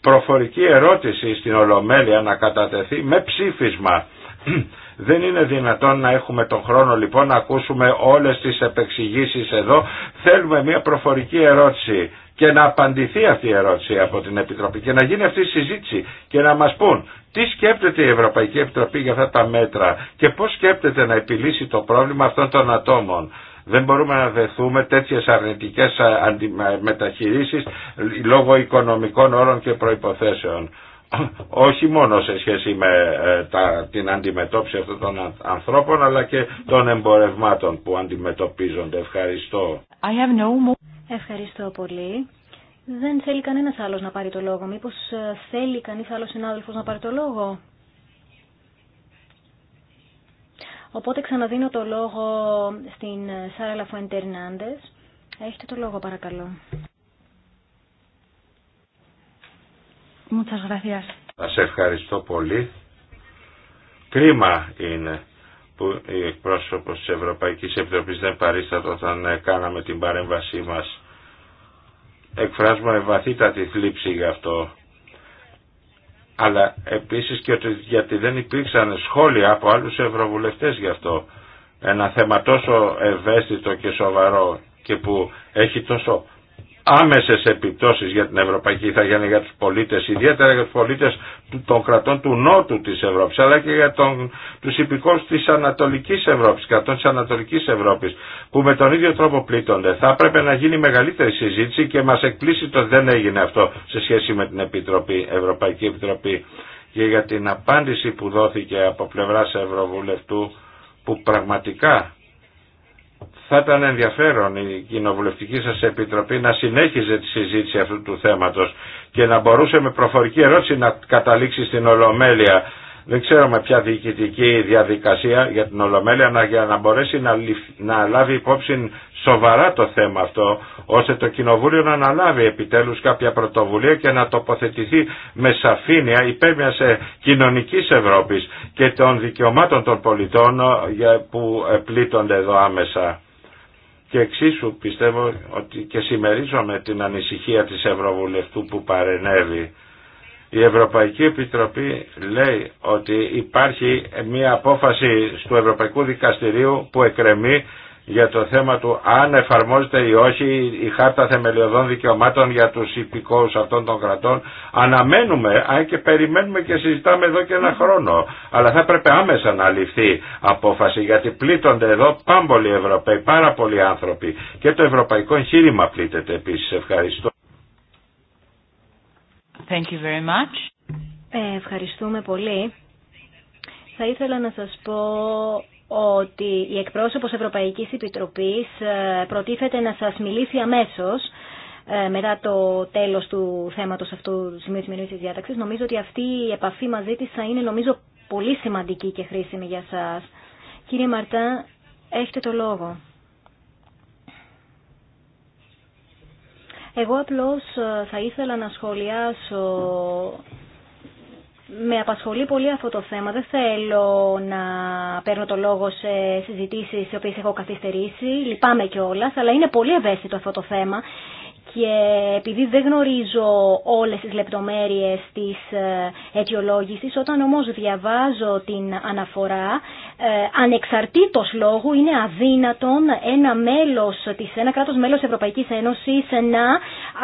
προφορική ερώτηση στην Ολομέλεια να κατατεθεί με ψήφισμα δεν είναι δυνατόν να έχουμε τον χρόνο λοιπόν να ακούσουμε όλες τις επεξηγήσεις εδώ. Θέλουμε μια προφορική ερώτηση και να απαντηθεί αυτή η ερώτηση από την Επιτροπή και να γίνει αυτή η συζήτηση και να μας πούν τι σκέπτεται η Ευρωπαϊκή Επιτροπή για αυτά τα μέτρα και πώς σκέπτεται να επιλύσει το πρόβλημα αυτών των ατόμων. Δεν μπορούμε να δεθούμε τέτοιες αρνητικές μεταχειρήσεις λόγω οικονομικών όρων και προϋποθέσεων όχι μόνο σε σχέση με ε, τα, την αντιμετώπιση αυτών των ανθρώπων αλλά και των εμπορευμάτων που αντιμετωπίζονται. Ευχαριστώ. Ευχαριστώ πολύ. Δεν θέλει κανένας άλλος να πάρει το λόγο. Μήπως ε, θέλει κανείς άλλος συνάδελφος να πάρει το λόγο. Οπότε ξαναδίνω το λόγο στην ε, Σάρα Λαφουέντερνάντες. Έχετε το λόγο παρακαλώ. Muchas Σας ευχαριστώ πολύ. Κρίμα είναι που η εκπρόσωπο τη Ευρωπαϊκή Επιτροπής δεν παρίσταται όταν ε, κάναμε την παρέμβασή μα. Εκφράζουμε βαθύτατη θλίψη γι' αυτό. Αλλά επίση και ότι, γιατί δεν υπήρξαν σχόλια από άλλου ευρωβουλευτέ γι' αυτό. Ένα θέμα τόσο ευαίσθητο και σοβαρό και που έχει τόσο άμεσες επιπτώσεις για την Ευρωπαϊκή Ιθαγένεια, για τους πολίτες, ιδιαίτερα για τους πολίτες των κρατών του Νότου της Ευρώπης, αλλά και για τον, τους τη της Ανατολικής Ευρώπης, κρατών της Ανατολικής Ευρώπης, που με τον ίδιο τρόπο πλήττονται. Θα έπρεπε να γίνει μεγαλύτερη συζήτηση και μας εκπλήσει το δεν έγινε αυτό σε σχέση με την Επιτροπή, Ευρωπαϊκή Επιτροπή και για την απάντηση που δόθηκε από πλευράς Ευρωβουλευτού που πραγματικά θα ήταν ενδιαφέρον η κοινοβουλευτική σας επιτροπή να συνέχιζε τη συζήτηση αυτού του θέματος και να μπορούσε με προφορική ερώτηση να καταλήξει στην Ολομέλεια. Δεν ξέρω με ποια διοικητική διαδικασία για την Ολομέλεια να, για να μπορέσει να, να λάβει υπόψη σοβαρά το θέμα αυτό ώστε το Κοινοβούλιο να αναλάβει επιτέλους κάποια πρωτοβουλία και να τοποθετηθεί με σαφήνεια υπέρ μιας ε, κοινωνικής Ευρώπης και των δικαιωμάτων των πολιτών ε, που πλήττονται εδώ άμεσα και εξίσου πιστεύω ότι και συμμερίζομαι την ανησυχία της Ευρωβουλευτού που παρενέβη. Η Ευρωπαϊκή Επιτροπή λέει ότι υπάρχει μια απόφαση του Ευρωπαϊκού Δικαστηρίου που εκρεμεί για το θέμα του αν εφαρμόζεται ή όχι η Χάρτα Θεμελιωδών Δικαιωμάτων για τους υπηκόους αυτών των κρατών. Αναμένουμε, αν και περιμένουμε και συζητάμε εδώ και ένα χρόνο, αλλά θα έπρεπε άμεσα να ληφθεί απόφαση γιατί πλήττονται εδώ πάμπολοι Ευρωπαίοι, πάρα πολλοί άνθρωποι και το ευρωπαϊκό εγχείρημα πλήττεται επίσης. Ευχαριστώ. Thank you very much. Ε, ευχαριστούμε πολύ. Θα ήθελα να σας πω ότι η εκπρόσωπος Ευρωπαϊκής Επιτροπής ε, προτίθεται να σας μιλήσει αμέσως ε, μετά το τέλος του θέματος αυτού του σημείου της μηνύσης διάταξης. Νομίζω ότι αυτή η επαφή μαζί της θα είναι νομίζω πολύ σημαντική και χρήσιμη για σας. Κύριε Μαρτά, έχετε το λόγο. Εγώ απλώς ε, θα ήθελα να σχολιάσω με απασχολεί πολύ αυτό το θέμα. Δεν θέλω να παίρνω το λόγο σε συζητήσει οι οποίε έχω καθυστερήσει. Λυπάμαι κιόλα, αλλά είναι πολύ ευαίσθητο αυτό το θέμα και επειδή δεν γνωρίζω όλες τις λεπτομέρειες της ε, αιτιολόγησης, όταν όμως διαβάζω την αναφορά, ε, ανεξαρτήτως λόγου είναι αδύνατον ένα, μέλος της, ένα κράτος μέλος Ευρωπαϊκής Ένωσης να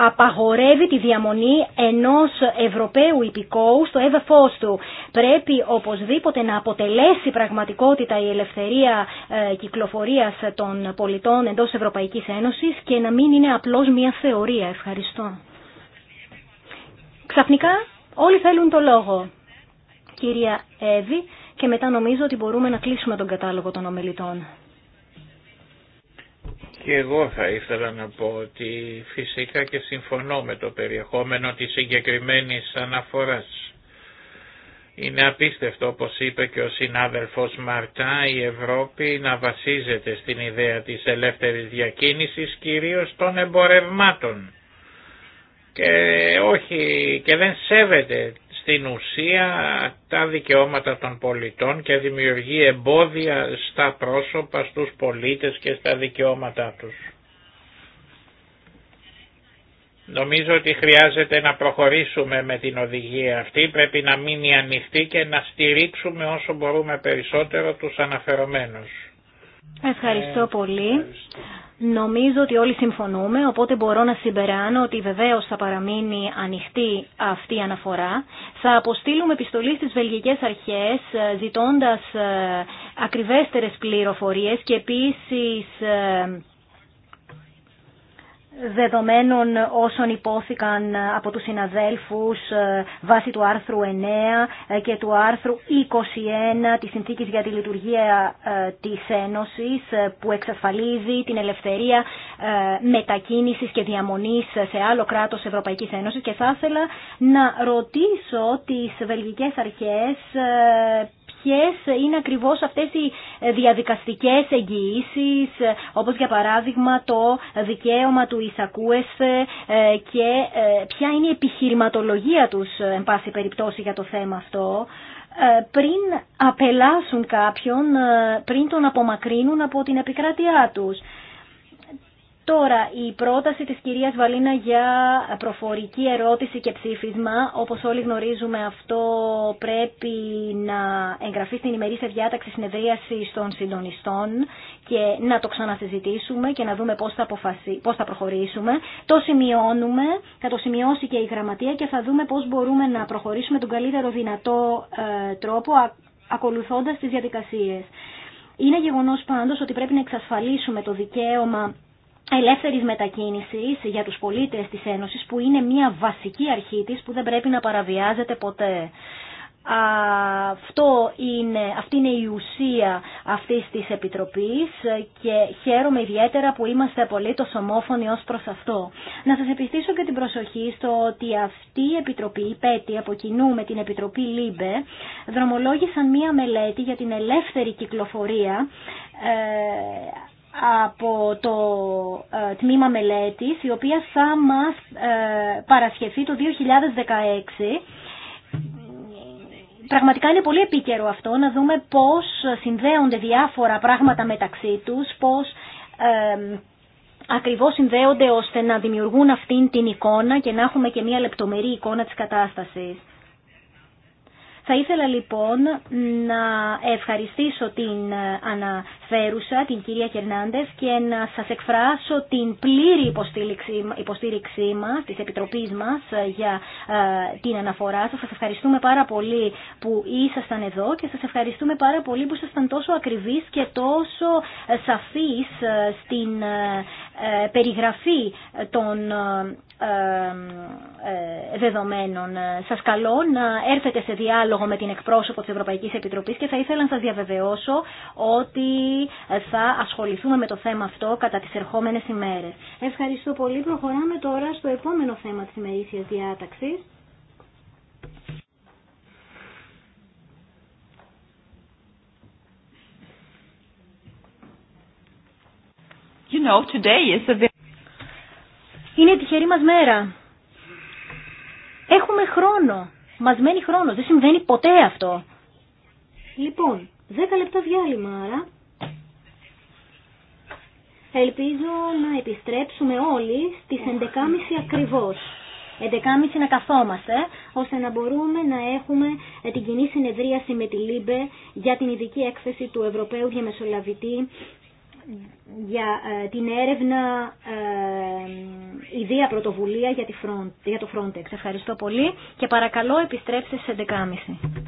απαγορεύει τη διαμονή ενός Ευρωπαίου υπηκόου στο έδαφος του. Πρέπει οπωσδήποτε να αποτελέσει πραγματικότητα η ελευθερία ε, κυκλοφορίας των πολιτών εντός Ευρωπαϊκής Ένωσης και να μην είναι απλώς μια θεωρία Ευχαριστώ. Ξαφνικά όλοι θέλουν το λόγο. Κυρία Εύη και μετά νομίζω ότι μπορούμε να κλείσουμε τον κατάλογο των ομιλητών. Και εγώ θα ήθελα να πω ότι φυσικά και συμφωνώ με το περιεχόμενο της συγκεκριμένης αναφοράς. Είναι απίστευτο, όπως είπε και ο συνάδελφος Μαρτά, η Ευρώπη να βασίζεται στην ιδέα της ελεύθερης διακίνησης, κυρίως των εμπορευμάτων. Και, όχι, και δεν σέβεται στην ουσία τα δικαιώματα των πολιτών και δημιουργεί εμπόδια στα πρόσωπα, στους πολίτες και στα δικαιώματά τους. Νομίζω ότι χρειάζεται να προχωρήσουμε με την οδηγία αυτή, πρέπει να μείνει ανοιχτή και να στηρίξουμε όσο μπορούμε περισσότερο τους αναφερομένους. Ευχαριστώ ε, πολύ. Νομίζω ότι όλοι συμφωνούμε, οπότε μπορώ να συμπεράνω ότι βεβαίω θα παραμείνει ανοιχτή αυτή η αναφορά. Θα αποστείλουμε επιστολή στις βελγικές αρχές ε, ζητώντας ε, ακριβέστερες πληροφορίες και επίση δεδομένων όσων υπόθηκαν από τους συναδέλφους ε, βάσει του άρθρου 9 ε, και του άρθρου 21 της Συνθήκης για τη Λειτουργία ε, της Ένωσης που εξασφαλίζει την ελευθερία μετακίνησης και διαμονής σε άλλο κράτος Ευρωπαϊκής Ένωσης και θα ήθελα να ρωτήσω τις βελγικές αρχές ποιες είναι ακριβώς αυτές οι ε, διαδικαστικές εγγυήσεις, ε, όπως για παράδειγμα το δικαίωμα του εισακούεσθε ε, και ποια είναι η επιχειρηματολογία τους, εν πάση περιπτώσει, για το θέμα αυτό πριν απελάσουν κάποιον, πριν τον απομακρύνουν από την επικράτειά τους. Τώρα, η πρόταση της κυρίας Βαλίνα για προφορική ερώτηση και ψήφισμα, όπως όλοι γνωρίζουμε αυτό πρέπει να εγγραφεί στην ημερήσια διάταξη συνεδρίαση των συντονιστών και να το ξανασυζητήσουμε και να δούμε πώς θα, αποφασί... πώς θα προχωρήσουμε. Το σημειώνουμε, θα το σημειώσει και η γραμματεία και θα δούμε πώς μπορούμε να προχωρήσουμε τον καλύτερο δυνατό ε, τρόπο ακολουθώντας τις διαδικασίες. Είναι γεγονός πάντως ότι πρέπει να εξασφαλίσουμε το δικαίωμα ελεύθερης μετακίνησης για τους πολίτες της Ένωσης που είναι μια βασική αρχή της που δεν πρέπει να παραβιάζεται ποτέ. Αυτό είναι, αυτή είναι η ουσία αυτής της Επιτροπής και χαίρομαι ιδιαίτερα που είμαστε πολύ ομόφωνοι ως προς αυτό. Να σας επιστήσω και την προσοχή στο ότι αυτή η Επιτροπή, η ΠΕΤΗ, από κοινού με την Επιτροπή ΛΥΜΠΕ, δρομολόγησαν μία μελέτη για την ελεύθερη κυκλοφορία ε, από το ε, τμήμα μελέτης η οποία θα μας ε, παρασχεθεί το 2016 Πραγματικά είναι πολύ επίκαιρο αυτό να δούμε πώς συνδέονται διάφορα πράγματα μεταξύ τους, πώς ε, ακριβώς συνδέονται ώστε να δημιουργούν αυτήν την εικόνα και να έχουμε και μια λεπτομερή εικόνα της κατάστασης. Θα ήθελα λοιπόν να ευχαριστήσω την αναφέρουσα, την κυρία Κερνάντες και να σας εκφράσω την πλήρη υποστήριξή, μας, της Επιτροπής μας ε, για ε, την αναφορά σας. Σας ευχαριστούμε πάρα πολύ που ήσασταν εδώ και σας ευχαριστούμε πάρα πολύ που ήσασταν τόσο ακριβείς και τόσο ε, σαφής στην ε, περιγραφή των ε, ε, δεδομένων. Σας καλώ να έρθετε σε διάλογο με την εκπρόσωπο της Ευρωπαϊκής Επιτροπής και θα ήθελα να σας διαβεβαιώσω ότι θα ασχοληθούμε με το θέμα αυτό κατά τις ερχόμενες ημέρες. Ευχαριστώ πολύ. Προχωράμε τώρα στο επόμενο θέμα της ημερήσιας διάταξης. You know, today is a... Είναι η τυχερή μας μέρα. Έχουμε χρόνο. Μας μένει χρόνο. Δεν συμβαίνει ποτέ αυτό. Λοιπόν, 10 λεπτά διάλειμμα άρα. Ελπίζω να επιστρέψουμε όλοι στις 11.30 ακριβώς. 11.30 να καθόμαστε, ώστε να μπορούμε να έχουμε ε, την κοινή συνεδρίαση με τη ΛΥΜΠΕ για την ειδική έκθεση του Ευρωπαίου Διαμεσολαβητή για ε, την έρευνα ε, ιδία πρωτοβουλία για, τη front, για το Frontex. Ευχαριστώ πολύ και παρακαλώ επιστρέψτε σε 11.30.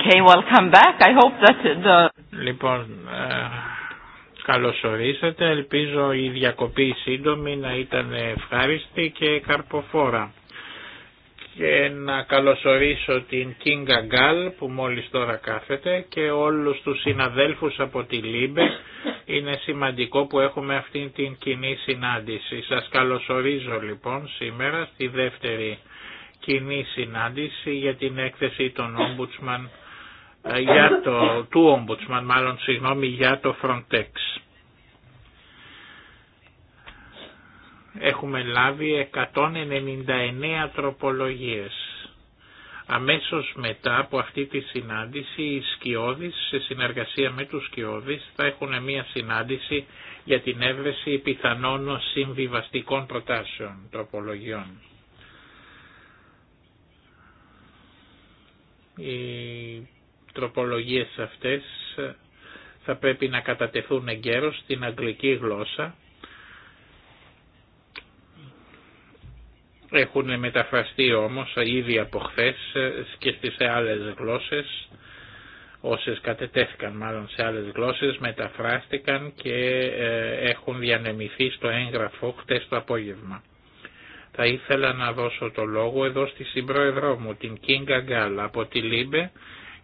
Okay, back. I hope Λοιπόν, ε, Ελπίζω η διακοπή σύντομη να ήταν ευχάριστη και καρποφόρα. Και να καλωσορίσω την Κίνγκα Γκάλ που μόλις τώρα κάθεται και όλους τους συναδέλφους από τη Λίμπε. Είναι σημαντικό που έχουμε αυτή την κοινή συνάντηση. Σας καλωσορίζω λοιπόν σήμερα στη δεύτερη κοινή συνάντηση για την έκθεση των Ombudsman ε, για το, του Ομπουτσμαν μάλλον συγγνώμη, για το Frontex. Έχουμε λάβει 199 τροπολογίες. Αμέσως μετά από αυτή τη συνάντηση οι Σκιώδης σε συνεργασία με τους Σκιώδης θα έχουν μια συνάντηση για την έβρεση πιθανών συμβιβαστικών προτάσεων τροπολογιών. Η τροπολογίες αυτές ε, θα πρέπει να κατατεθούν εγκαίρως στην αγγλική γλώσσα. Έχουν μεταφραστεί όμως ήδη από χθε ε, και στις άλλες γλώσσες, όσες κατετέθηκαν μάλλον σε άλλες γλώσσες, μεταφράστηκαν και ε, έχουν διανεμηθεί στο έγγραφο χτες το απόγευμα. Θα ήθελα να δώσω το λόγο εδώ στη συμπροεδρό μου, την Κίνγκα Γκάλα από τη Λίμπε,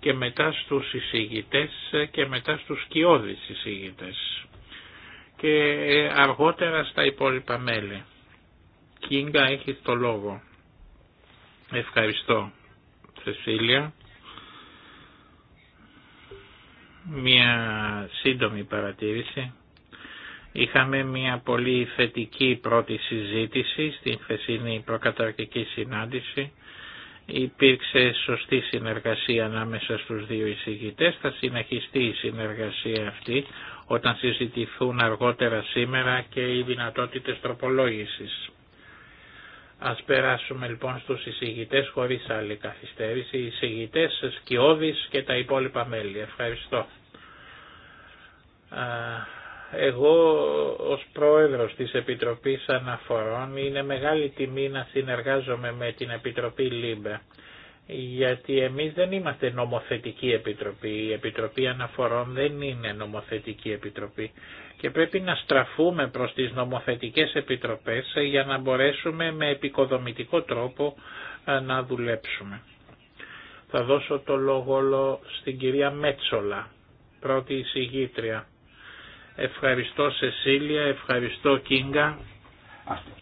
και μετά στους εισηγητές και μετά στους σκιώδεις εισηγητές και αργότερα στα υπόλοιπα μέλη. Κίνγκα έχει το λόγο. Ευχαριστώ. Θεσίλια. Μία σύντομη παρατήρηση. Είχαμε μια πολύ θετική πρώτη συζήτηση στην χθεσινή προκαταρκτική συνάντηση Υπήρξε σωστή συνεργασία ανάμεσα στους δύο εισηγητές, θα συνεχιστεί η συνεργασία αυτή όταν συζητηθούν αργότερα σήμερα και οι δυνατότητες τροπολόγησης. Ας περάσουμε λοιπόν στους εισηγητές χωρίς άλλη καθυστέρηση, εισηγητές, Σκιώδης και τα υπόλοιπα μέλη. Ευχαριστώ. Εγώ ως πρόεδρος της Επιτροπής Αναφορών είναι μεγάλη τιμή να συνεργάζομαι με την Επιτροπή ΛΥΜΠΕ γιατί εμείς δεν είμαστε νομοθετική επιτροπή, η Επιτροπή Αναφορών δεν είναι νομοθετική επιτροπή και πρέπει να στραφούμε προς τις νομοθετικές επιτροπές για να μπορέσουμε με επικοδομητικό τρόπο ε, να δουλέψουμε. Θα δώσω το λόγο στην κυρία Μέτσολα, πρώτη εισηγήτρια. Ευχαριστώ Σεσίλια, ευχαριστώ Κίνγκα.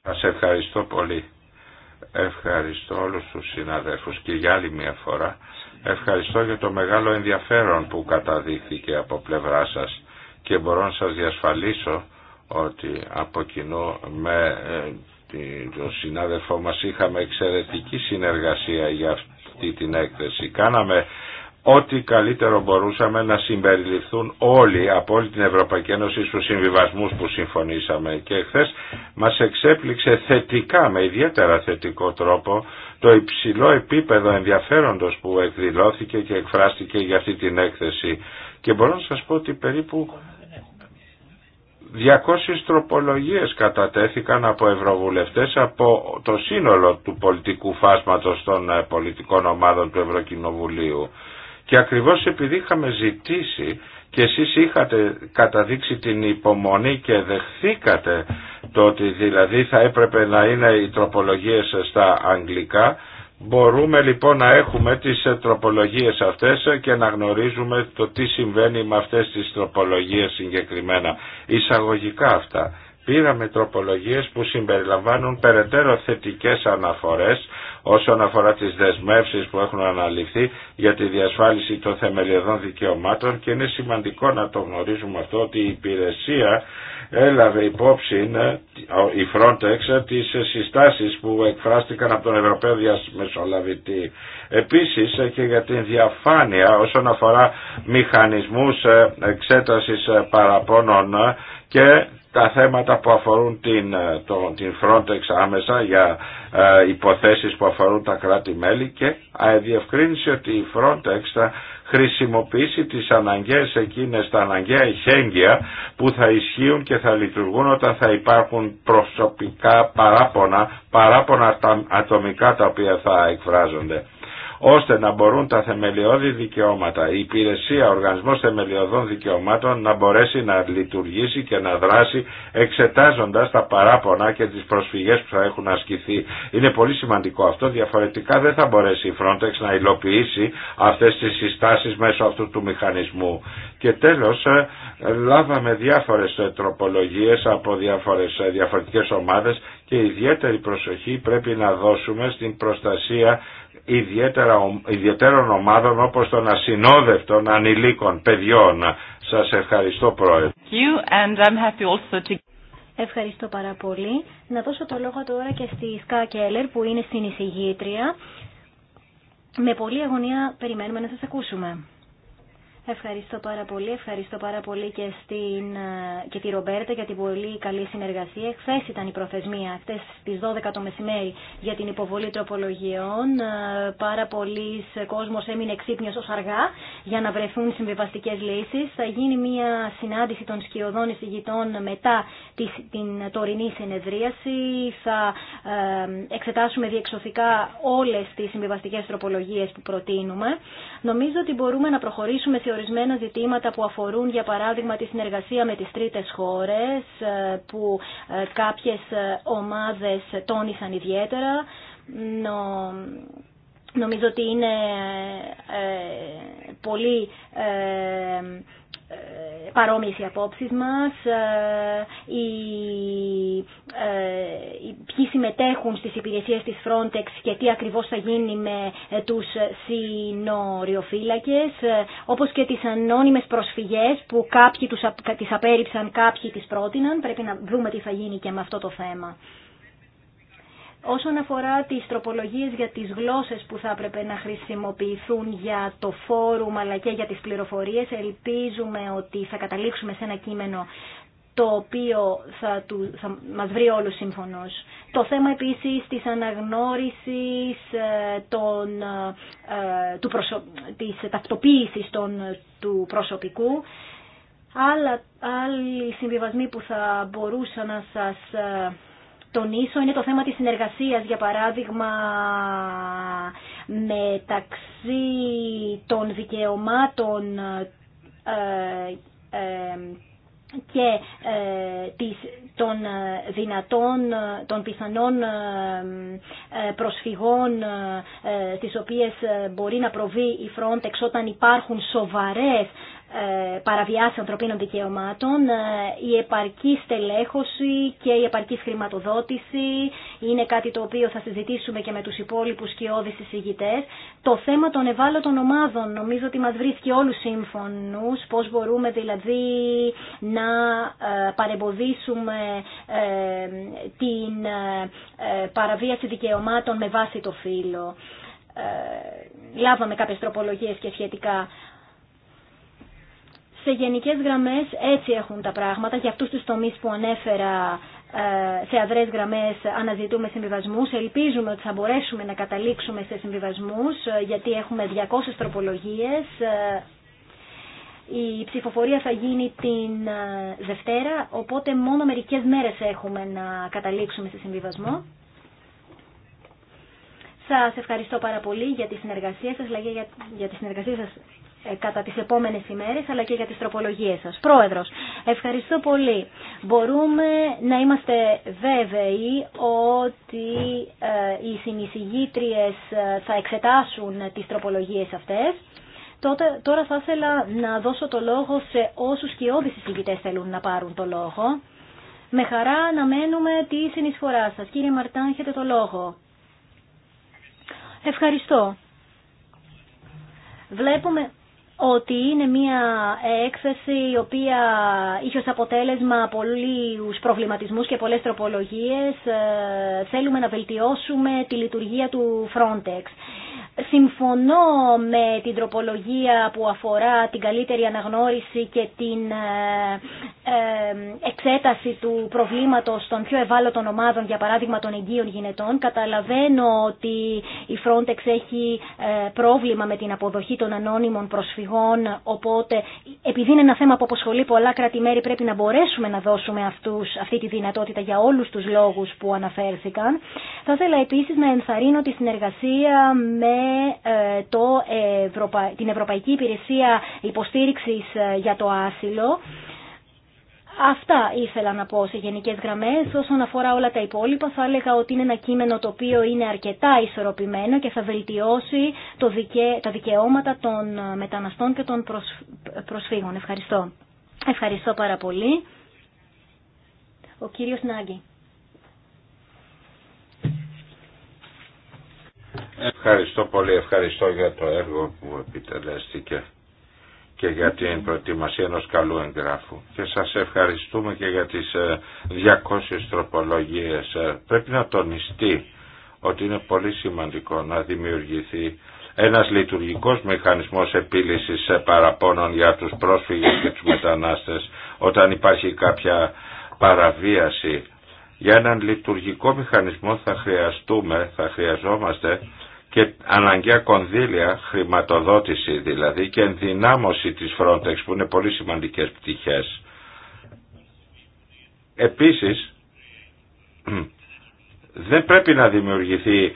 Σας ευχαριστώ πολύ. Ευχαριστώ όλους τους συναδέλφους και για άλλη μια φορά. Ευχαριστώ για το μεγάλο ενδιαφέρον που καταδείχθηκε από πλευρά σας και μπορώ να σας διασφαλίσω ότι από κοινού με ε, τον συνάδελφό μας είχαμε εξαιρετική συνεργασία για αυτή την έκθεση. Κάναμε ό,τι καλύτερο μπορούσαμε να συμπεριληφθούν όλοι από όλη την Ευρωπαϊκή Ένωση στους συμβιβασμούς που συμφωνήσαμε. Και χθε μας εξέπληξε θετικά, με ιδιαίτερα θετικό τρόπο, το υψηλό επίπεδο ενδιαφέροντος που εκδηλώθηκε και εκφράστηκε για αυτή την έκθεση. Και μπορώ να σας πω ότι περίπου 200 τροπολογίες κατατέθηκαν από ευρωβουλευτές από το σύνολο του πολιτικού φάσματος των ε, πολιτικών ομάδων του Ευρωκοινοβουλίου. Και ακριβώς επειδή είχαμε ζητήσει και εσείς είχατε καταδείξει την υπομονή και δεχθήκατε το ότι δηλαδή θα έπρεπε να είναι οι τροπολογίες στα αγγλικά, μπορούμε λοιπόν να έχουμε τις τροπολογίες αυτές και να γνωρίζουμε το τι συμβαίνει με αυτές τις τροπολογίες συγκεκριμένα. Εισαγωγικά αυτά πήραμε τροπολογίες που συμπεριλαμβάνουν περαιτέρω θετικές αναφορές όσον αφορά τις δεσμεύσεις που έχουν αναλυφθεί για τη διασφάλιση των θεμελιωδών δικαιωμάτων και είναι σημαντικό να το γνωρίζουμε αυτό ότι η υπηρεσία έλαβε υπόψη ε, η Frontex ε, τις συστάσεις που εκφράστηκαν από τον Ευρωπαίο Διασμεσολαβητή. Επίσης ε, και για την διαφάνεια όσον αφορά μηχανισμούς εξέτασης παραπώνων και τα θέματα που αφορούν την, ε, το, την Frontex άμεσα για ε, υποθέσεις που αφορούν τα κράτη-μέλη και ε, διευκρίνησε ότι η Frontex θα χρησιμοποιήσει τις αναγκαίες εκείνες, τα αναγκαία ειχέγγυα που θα ισχύουν και θα λειτουργούν όταν θα υπάρχουν προσωπικά παράπονα, παράπονα ατομικά τα οποία θα εκφράζονται ώστε να μπορούν τα θεμελιώδη δικαιώματα, η υπηρεσία, ο οργανισμός θεμελιωδών δικαιωμάτων να μπορέσει να λειτουργήσει και να δράσει εξετάζοντας τα παράπονα και τις προσφυγές που θα έχουν ασκηθεί. Είναι πολύ σημαντικό αυτό, διαφορετικά δεν θα μπορέσει η Frontex να υλοποιήσει αυτές τις συστάσεις μέσω αυτού του μηχανισμού. Και τέλος, ε, λάβαμε διάφορες ε, τροπολογίες από διάφορες, ε, διαφορετικές ομάδες και ιδιαίτερη προσοχή πρέπει να δώσουμε στην προστασία ιδιαίτερων ομάδων όπως των ασυνόδευτων ανηλίκων παιδιών. Σας ευχαριστώ Πρόεδρε. Ευχαριστώ πάρα πολύ. Να δώσω το λόγο τώρα και στη Σκά Κέλλερ που είναι στην εισηγήτρια. Με πολλή αγωνία περιμένουμε να σας ακούσουμε. Ευχαριστώ πάρα πολύ. Ευχαριστώ πάρα πολύ και, στην, ε, και τη Ρομπέρτα για την πολύ καλή συνεργασία. Χθε ήταν η προθεσμία, χθε στι 12 το μεσημέρι, για την υποβολή τροπολογιών. Ε, πάρα πολλοί κόσμο έμεινε ξύπνιο ω αργά για να βρεθούν συμβιβαστικέ λύσει. Θα γίνει μια συνάντηση των σκιωδών εισηγητών μετά την τωρινή συνεδρίαση. Θα ε, εξετάσουμε διεξοδικά όλε τι συμβιβαστικέ τροπολογίε που προτείνουμε. Νομίζω ότι μπορούμε να προχωρήσουμε σε ορισμένα ζητήματα που αφορούν για παράδειγμα τη συνεργασία με τις τρίτες χώρες ε, που ε, κάποιες ε, ομάδες τόνισαν ιδιαίτερα. Νομίζω ότι είναι πολύ ε, παρόμοιες οι απόψεις μας, ε, ε, οι, ποιοι συμμετέχουν στις υπηρεσίες της Frontex και τι ακριβώς θα γίνει με τους συνοριοφύλακες, όπως και τις ανώνυμες προσφυγές που κάποιοι τους, τις απέρριψαν, κάποιοι τις πρότειναν. Πρέπει να δούμε τι θα γίνει και με αυτό το θέμα. Όσον αφορά τις τροπολογίες για τις γλώσσες που θα έπρεπε να χρησιμοποιηθούν για το φόρουμ αλλά και για τις πληροφορίες, ελπίζουμε ότι θα καταλήξουμε σε ένα κείμενο το οποίο θα, του, θα μας βρει όλους σύμφωνος. Το θέμα επίσης της αναγνώρισης ε, των, ε, του της τακτοποίησης των, του προσωπικού. Άλλα, άλλοι συμβιβασμοί που θα μπορούσα να σας ε, τονίσω είναι το θέμα της συνεργασίας, για παράδειγμα, μεταξύ των δικαιωμάτων ε, ε, και ε, των δυνατών, των πιθανών προσφυγών τις οποίες μπορεί να προβεί η Frontex όταν υπάρχουν σοβαρές ε, παραβιάσει ανθρωπίνων δικαιωμάτων, ε, η επαρκή στελέχωση και η επαρκή χρηματοδότηση είναι κάτι το οποίο θα συζητήσουμε και με τους υπόλοιπους και όδης εισηγητές. Το θέμα των ευάλωτων ομάδων νομίζω ότι μας βρίσκει όλους σύμφωνους, πώς μπορούμε δηλαδή να ε, παρεμποδίσουμε την παραβίαση δικαιωμάτων με βάση το φύλλο λάβαμε κάποιες τροπολογίες και σχετικά. Σε γενικές γραμμές έτσι έχουν τα πράγματα. Για αυτούς τους τομείς που ανέφερα ε, σε αδρές γραμμές αναζητούμε συμβιβασμούς. Ελπίζουμε ότι θα μπορέσουμε να καταλήξουμε σε συμβιβασμούς ε, γιατί έχουμε 200 τροπολογίες. Ε, η ψηφοφορία θα γίνει την Δευτέρα, οπότε μόνο μερικές μέρες έχουμε να καταλήξουμε σε συμβιβασμό. Σας ευχαριστώ πάρα πολύ για τη συνεργασία σας, για, για τη συνεργασία σας ε, κατά τις επόμενες ημέρες αλλά και για τις τροπολογίες σας. Πρόεδρος, ευχαριστώ πολύ. Μπορούμε να είμαστε βέβαιοι ότι ε, οι συνεισηγήτριες ε, θα εξετάσουν τις τροπολογίες αυτές. Τότε, τώρα θα ήθελα να δώσω το λόγο σε όσους και οι συζητητές θέλουν να πάρουν το λόγο. Με χαρά αναμένουμε τη συνεισφορά σας. Κύριε Μαρτάν, έχετε το λόγο. Ευχαριστώ. Βλέπουμε ότι είναι μια έκθεση η οποία είχε ως αποτέλεσμα πολλούς προβληματισμούς και πολλές τροπολογίες. Ε, θέλουμε να βελτιώσουμε τη λειτουργία του Frontex. Συμφωνώ με την τροπολογία που αφορά την καλύτερη αναγνώριση και την ε, ε, εξέταση του προβλήματος των πιο ευάλωτων ομάδων, για παράδειγμα των εγγύων γυναιτών. Καταλαβαίνω ότι η Frontex έχει ε, πρόβλημα με την αποδοχή των ανώνυμων προσφυγών, οπότε επειδή είναι ένα θέμα που αποσχολεί πολλά κράτη-μέρη πρέπει να μπορέσουμε να δώσουμε αυτή τη δυνατότητα για όλους τους λόγους που αναφέρθηκαν. Θα ήθελα επίσης να ενθαρρύνω τη συνεργασία με ε, το την Ευρωπαϊκή Υπηρεσία Υποστήριξης ε, για το Άσυλο. Αυτά ήθελα να πω σε γενικές γραμμές. Όσον αφορά όλα τα υπόλοιπα θα έλεγα ότι είναι ένα κείμενο το οποίο είναι αρκετά ισορροπημένο και θα βελτιώσει το τα δικαιώματα των ε, μεταναστών και των προσφύγων. Ευχαριστώ. Ευχαριστώ πάρα πολύ. Ο κύριος Νάγκη. Ευχαριστώ πολύ, ευχαριστώ για το έργο που επιτελέστηκε και για την προετοιμασία ενός καλού εγγράφου. Και σας ευχαριστούμε και για τις 200 ε, τροπολογίες. Ε, πρέπει να τονιστεί ότι είναι πολύ σημαντικό να δημιουργηθεί ένας λειτουργικός μηχανισμός επίλυσης ε, παραπώνων για τους πρόσφυγες και τους μετανάστες όταν υπάρχει κάποια παραβίαση. Για έναν λειτουργικό μηχανισμό θα χρειαστούμε, θα χρειαζόμαστε και αναγκαία κονδύλια, χρηματοδότηση δηλαδή και ενδυνάμωση της Frontex που είναι πολύ σημαντικές πτυχές. Επίσης, δεν πρέπει να δημιουργηθεί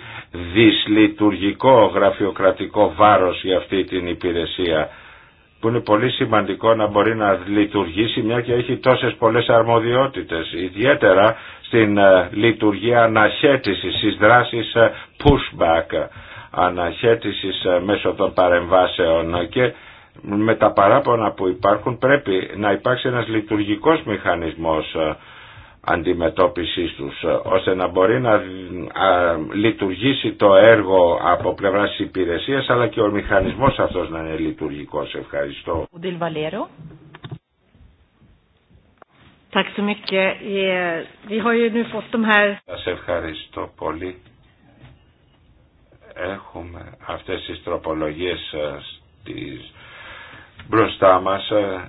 δυσλειτουργικό γραφειοκρατικό βάρος για αυτή την υπηρεσία που είναι πολύ σημαντικό να μπορεί να λειτουργήσει μια και έχει τόσες πολλές αρμοδιότητες, ιδιαίτερα στην ε, λειτουργία αναχέτησης, στις δράσεις ε, pushback αναχέτησης ε, μέσω των παρεμβάσεων και με τα παράπονα που υπάρχουν πρέπει να υπάρξει ένας λειτουργικός μηχανισμός ε, αντιμετώπισης τους ε, ώστε να μπορεί να λειτουργήσει το έργο από πλευράς υπηρεσίας αλλά και ο μηχανισμός αυτός να είναι λειτουργικός. Ευχαριστώ. Σας ευχαριστώ πολύ έχουμε αυτές τις τροπολογίες ε, στις, μπροστά μας ε,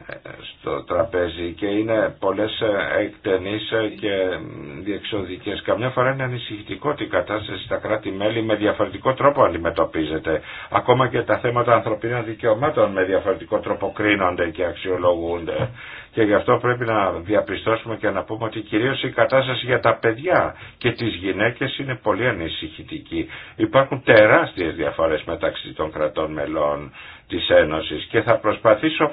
στο τραπέζι και είναι πολλές ε, εκτενείς και διεξοδικές. Καμιά φορά είναι ανησυχητικό ότι η κατάσταση στα κράτη-μέλη με διαφορετικό τρόπο αντιμετωπίζεται. Ακόμα και τα θέματα ανθρωπίνων δικαιωμάτων με διαφορετικό τρόπο κρίνονται και αξιολογούνται. Και γι' αυτό πρέπει να διαπιστώσουμε και να πούμε ότι κυρίως η κατάσταση για τα παιδιά και τις γυναίκες είναι πολύ ανησυχητική. Υπάρχουν τεράστιες διαφορές μεταξύ των κρατών μελών της Ένωσης και θα προσπαθήσω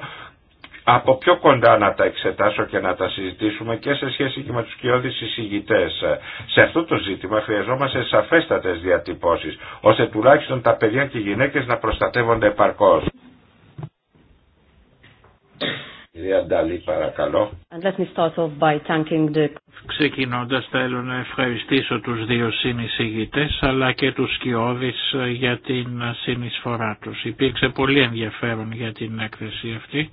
από πιο κοντά να τα εξετάσω και να τα συζητήσουμε και σε σχέση και με τους κοιόδης εισηγητές. Σε αυτό το ζήτημα χρειαζόμαστε σαφέστατες διατυπώσεις, ώστε τουλάχιστον τα παιδιά και οι γυναίκες να προστατεύονται επαρκώς. Κυρία Ξεκινώντας θέλω να ευχαριστήσω τους δύο συνεισηγητές αλλά και τους σκιώδεις ε, για την συνεισφορά τους. Υπήρξε πολύ ενδιαφέρον για την έκθεση αυτή.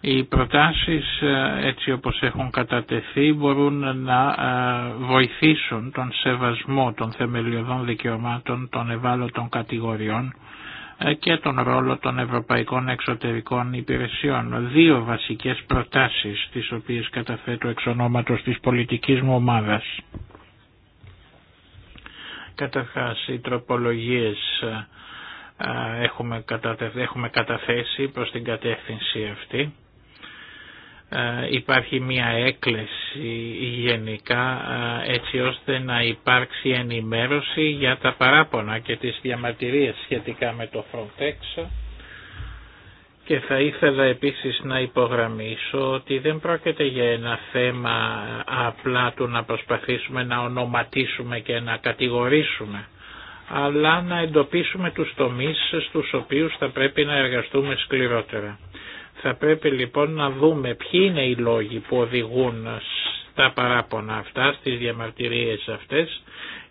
Οι προτάσεις ε, έτσι όπως έχουν κατατεθεί μπορούν να ε, βοηθήσουν τον σεβασμό των θεμελιωδών δικαιωμάτων των ευάλωτων κατηγοριών ε, και τον ρόλο των Ευρωπαϊκών Εξωτερικών Υπηρεσιών. Δύο βασικές προτάσεις τις οποίες καταθέτω εξ ονόματος της πολιτικής μου ομάδας. Καταρχάς οι τροπολογίες ε, ε, έχουμε, καταθέσει προς την κατεύθυνση αυτή. Ε, υπάρχει μια έκκληση γενικά ε, έτσι ώστε να υπάρξει ενημέρωση για τα παράπονα και τις διαμαρτυρίες σχετικά με το Frontex και θα ήθελα επίσης να υπογραμμίσω ότι δεν πρόκειται για ένα θέμα ε, απλά του να προσπαθήσουμε να ονοματίσουμε και να κατηγορήσουμε αλλά να εντοπίσουμε τους τομείς στους οποίους θα πρέπει να εργαστούμε σκληρότερα. Θα πρέπει λοιπόν να δούμε ποιοι είναι οι λόγοι που οδηγούν στα παράπονα αυτά, στις διαμαρτυρίες αυτές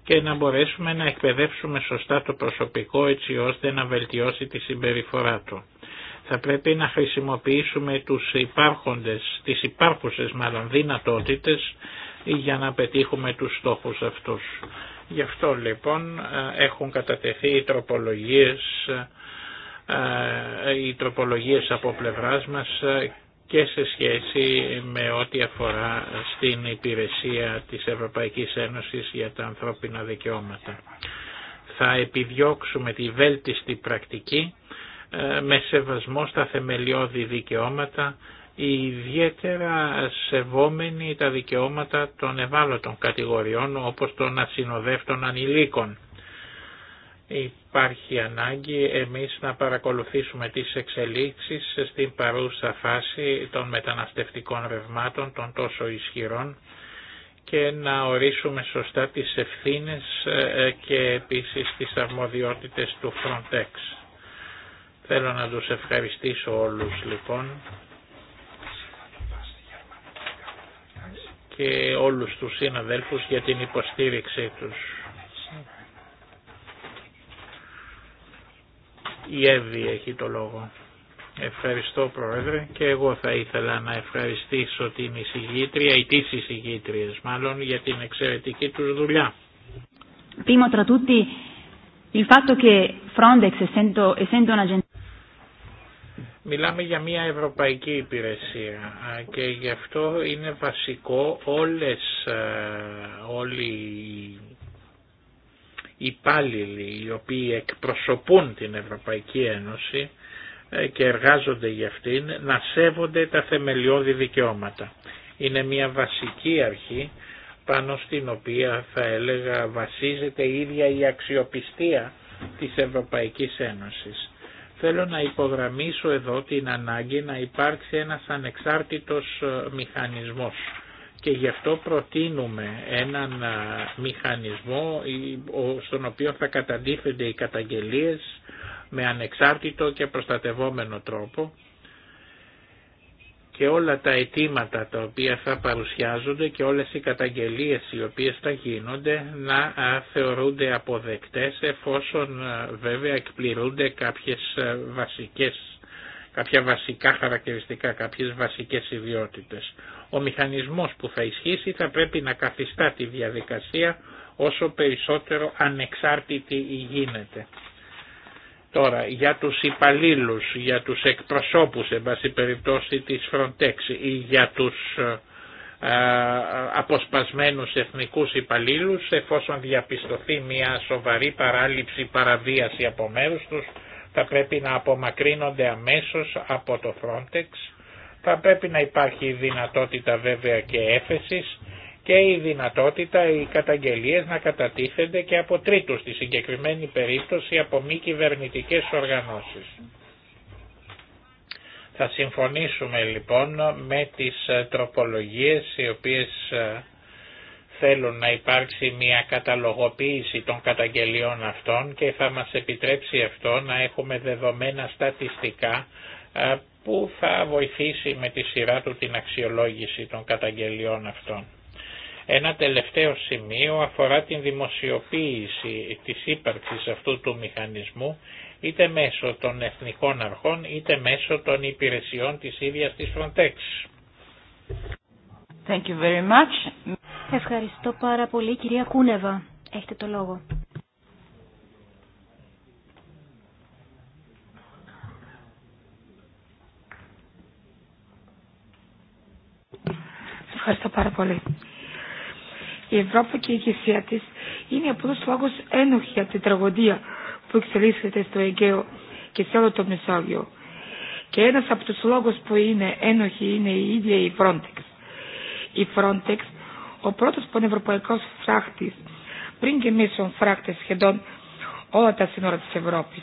και να μπορέσουμε να εκπαιδεύσουμε σωστά το προσωπικό έτσι ώστε να βελτιώσει τη συμπεριφορά του. Θα πρέπει να χρησιμοποιήσουμε τους υπάρχοντες, τις υπάρχουσες μάλλον δυνατότητες για να πετύχουμε τους στόχους αυτούς. Γι' αυτό λοιπόν έχουν κατατεθεί οι τροπολογίες ε, οι τροπολογίες από πλευράς μας ε, και σε σχέση με ό,τι αφορά στην υπηρεσία της Ευρωπαϊκής Ένωσης για τα ανθρώπινα δικαιώματα. Θα επιδιώξουμε τη βέλτιστη πρακτική ε, με σεβασμό στα θεμελιώδη δικαιώματα, ιδιαίτερα σεβόμενοι τα δικαιώματα των ευάλωτων κατηγοριών όπως των ασυνοδεύτων ανηλίκων. Υπάρχει ανάγκη εμείς να παρακολουθήσουμε τις εξελίξεις στην παρούσα φάση των μεταναστευτικών ρευμάτων των τόσο ισχυρών και να ορίσουμε σωστά τις ευθύνες ε, ε, και επίσης τις αρμοδιότητες του Frontex. Θέλω να τους ευχαριστήσω όλους λοιπόν και όλους τους συναδέλφους για την υποστήριξή τους. Η Εύη έχει το λόγο. Ευχαριστώ Πρόεδρε και εγώ θα ήθελα να ευχαριστήσω την εισηγήτρια ή τις εισηγήτριες μάλλον για την εξαιρετική τους δουλειά. tra tutti il fatto che Frontex essendo, essendo Μιλάμε για μια ευρωπαϊκή υπηρεσία και γι' αυτό είναι βασικό όλες, όλοι υπάλληλοι οι οποίοι εκπροσωπούν την Ευρωπαϊκή Ένωση ε, και εργάζονται για αυτήν να σέβονται τα θεμελιώδη δικαιώματα. Είναι μια βασική αρχή πάνω στην οποία θα έλεγα βασίζεται η ίδια η αξιοπιστία της Ευρωπαϊκής Ένωσης. Θέλω να υπογραμμίσω εδώ την ανάγκη να υπάρξει ένας ανεξάρτητος ε, μηχανισμός και γι' αυτό προτείνουμε έναν μηχανισμό στον οποίο θα καταντήθενται οι καταγγελίες με ανεξάρτητο και προστατευόμενο τρόπο και όλα τα αιτήματα τα οποία θα παρουσιάζονται και όλες οι καταγγελίες οι οποίες θα γίνονται να θεωρούνται αποδεκτές εφόσον βέβαια εκπληρούνται κάποιες βασικές κάποια βασικά χαρακτηριστικά, κάποιες βασικές ιδιότητες. Ο μηχανισμός που θα ισχύσει θα πρέπει να καθιστά τη διαδικασία όσο περισσότερο ανεξάρτητη γίνεται. Τώρα, για τους υπαλλήλου, για τους εκπροσώπους, σε πάση περιπτώσει της Frontex ή για τους ε, ε, αποσπασμένους εθνικούς υπαλλήλου, εφόσον διαπιστωθεί μια σοβαρή παράληψη, παραβίαση από μέρους τους, θα πρέπει να απομακρύνονται αμέσως από το Frontex, θα πρέπει να υπάρχει η δυνατότητα βέβαια και έφεσης και η δυνατότητα οι καταγγελίες να κατατίθενται και από τρίτους στη συγκεκριμένη περίπτωση από μη κυβερνητικέ οργανώσεις. Θα συμφωνήσουμε λοιπόν με τις τροπολογίες οι οποίες ε, θέλουν να υπάρξει μια καταλογοποίηση των καταγγελιών αυτών και θα μας επιτρέψει αυτό να έχουμε δεδομένα στατιστικά που θα βοηθήσει με τη σειρά του την αξιολόγηση των καταγγελιών αυτών. Ένα τελευταίο σημείο αφορά την δημοσιοποίηση της ύπαρξης αυτού του μηχανισμού είτε μέσω των εθνικών αρχών είτε μέσω των υπηρεσιών της ίδιας της Frontex. Ευχαριστώ πάρα πολύ κυρία Κούνεβα. Έχετε το λόγο. Ευχαριστώ πάρα πολύ. Η Ευρώπη και η ηγεσία τη είναι απλώ λόγο ένοχη από την τραγωδία που εξελίσσεται στο Αιγαίο και σε όλο το Μεσόγειο. Και ένα από του λόγου που είναι ένοχη είναι η ίδια η Frontex η Frontex, ο πρώτος πανευρωπαϊκός φράχτης, πριν και μίσον φράχτες σχεδόν όλα τα σύνορα της Ευρώπης.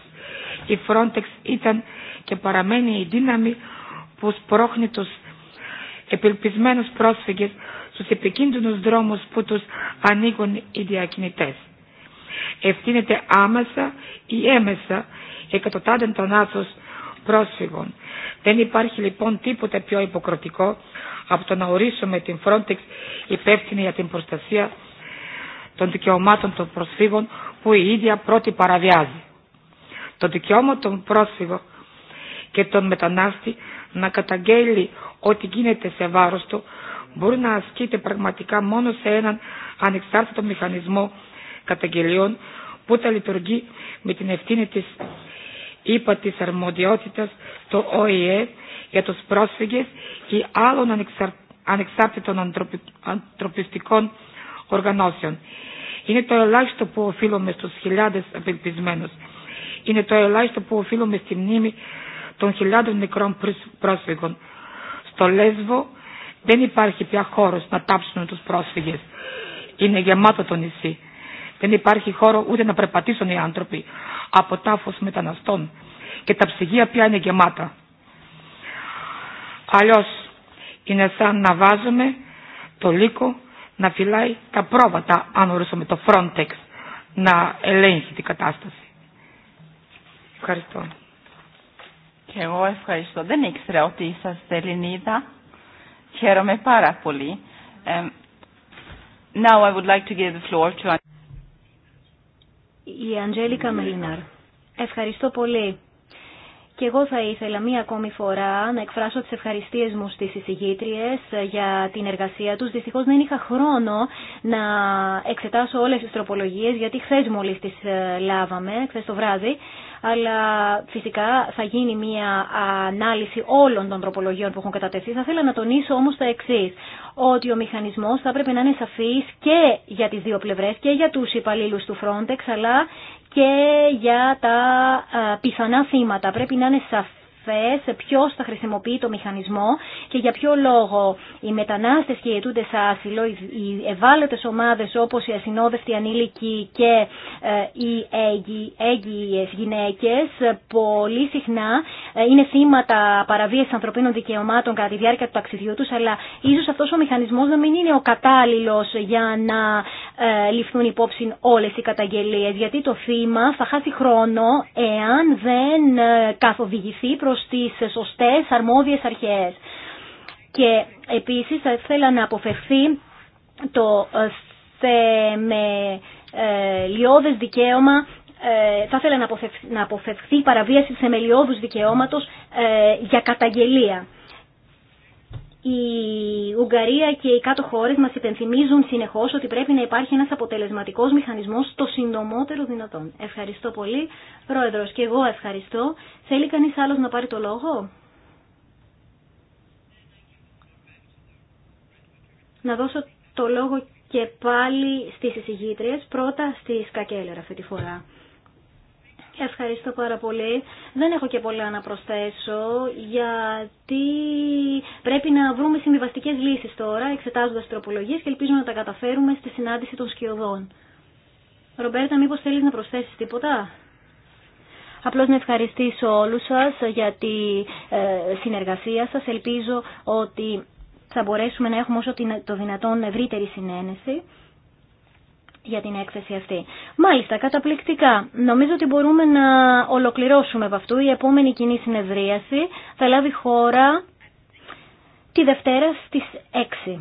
Η Frontex ήταν και παραμένει η δύναμη που σπρώχνει τους επελπισμένους πρόσφυγες στους επικίνδυνους δρόμους που τους ανοίγουν οι διακινητές. Ευθύνεται άμεσα ή έμεσα εκατοτάδεν των άσως πρόσφυγων. Δεν υπάρχει λοιπόν τίποτε πιο υποκροτικό από το να ορίσουμε την Frontex υπεύθυνη για την προστασία των δικαιωμάτων των προσφύγων που η ίδια πρώτη παραβιάζει. Το δικαίωμα των πρόσφυγων και των μετανάστη να καταγγέλει ό,τι γίνεται σε βάρος του μπορεί να ασκείται πραγματικά μόνο σε έναν ανεξάρτητο μηχανισμό καταγγελιών που θα λειτουργεί με την ευθύνη της Είπα της αρμοδιότητας το ΟΗΕ για τους πρόσφυγες και άλλων ανεξάρτητων ανθρωπιστικών οργανώσεων. Είναι το ελάχιστο που οφείλουμε στους χιλιάδες απελπισμένους. Είναι το ελάχιστο που οφείλουμε στη μνήμη των χιλιάδων νεκρών πρόσφυγων. Στο Λέσβο δεν υπάρχει πια χώρος να τάψουν τους πρόσφυγες. Είναι γεμάτο το νησί. Δεν υπάρχει χώρο ούτε να περπατήσουν οι άνθρωποι από τάφους μεταναστών και τα ψυγεία πια είναι γεμάτα. Αλλιώς είναι σαν να βάζουμε το λύκο να φυλάει τα πρόβατα αν ορίσουμε το Frontex να ελέγχει την κατάσταση. Ευχαριστώ. Και εγώ ευχαριστώ. Δεν ήξερα ότι είσαστε Ελληνίδα. Χαίρομαι πάρα πολύ. Um, now I would like to give the floor to η Αντζέλικα Μελινάρ. Ευχαριστώ πολύ. Και εγώ θα ήθελα μία ακόμη φορά να εκφράσω τις ευχαριστίες μου στις εισηγήτριες για την εργασία τους. Δυστυχώς δεν είχα χρόνο να εξετάσω όλες τις τροπολογίες, γιατί χθες μόλις τις ε, λάβαμε, χθες το βράδυ. Αλλά φυσικά θα γίνει μία ανάλυση όλων των τροπολογιών που έχουν κατατεθεί. Θα ήθελα να τονίσω όμως τα εξή ότι ο μηχανισμό θα πρέπει να είναι σαφή και για τι δύο πλευρέ και για του υπαλλήλου του Frontex αλλά και για τα πιθανά θύματα. Πρέπει να είναι σαφή ποιος θα χρησιμοποιεί το μηχανισμό και για ποιο λόγο οι μετανάστες και οι αιτούντες άσυλο, οι ευάλωτες ομάδες όπως οι ασυνόδευτοι ανήλικοι και ε, οι έγκυες γυναίκες πολύ συχνά ε, είναι θύματα παραβίασης ανθρωπίνων δικαιωμάτων κατά τη διάρκεια του ταξιδιού τους αλλά ίσως αυτός ο μηχανισμός να μην είναι ο κατάλληλος για να ε, ληφθούν υπόψη όλες οι καταγγελίες γιατί το θύμα θα χάσει χρόνο εάν δεν καθοδηγηθεί στις σωστές αρμόδιες αρχές. Και επίσης θα ήθελα να αποφευθεί το ε, με ε, λιώδες δικαίωμα ε, θα ήθελα να αποφευχθεί η παραβίαση της θεμελιώδους δικαιώματος για καταγγελία η Ουγγαρία και οι κάτω χώρε μα υπενθυμίζουν συνεχώ ότι πρέπει να υπάρχει ένα αποτελεσματικό μηχανισμό το συντομότερο δυνατόν. Ευχαριστώ πολύ, Πρόεδρο, και εγώ ευχαριστώ. Θέλει κανεί άλλο να πάρει το λόγο. Να δώσω το λόγο και πάλι στις εισηγήτριες, πρώτα στη Σκακέλερα αυτή τη φορά. Ευχαριστώ πάρα πολύ. Δεν έχω και πολλά να προσθέσω, γιατί πρέπει να βρούμε συμβιβαστικέ λύσεις τώρα, εξετάζοντας τροπολογίε και ελπίζω να τα καταφέρουμε στη συνάντηση των σκιωδών. Ρομπέρτα, μήπως θέλεις να προσθέσεις τίποτα? Απλώς να ευχαριστήσω όλους σας για τη ε, συνεργασία σας. Ελπίζω ότι θα μπορέσουμε να έχουμε όσο το δυνατόν ευρύτερη συνένεση για την έκθεση αυτή. Μάλιστα, καταπληκτικά. Νομίζω ότι μπορούμε να ολοκληρώσουμε από αυτού. Η επόμενη κοινή συνεδρίαση θα λάβει χώρα τη Δευτέρα στις 6.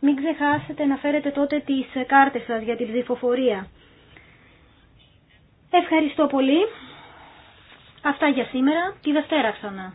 Μην ξεχάσετε να φέρετε τότε τις κάρτες σας για την ψηφοφορία. Ευχαριστώ πολύ. Αυτά για σήμερα. Τη Δευτέρα ξανά.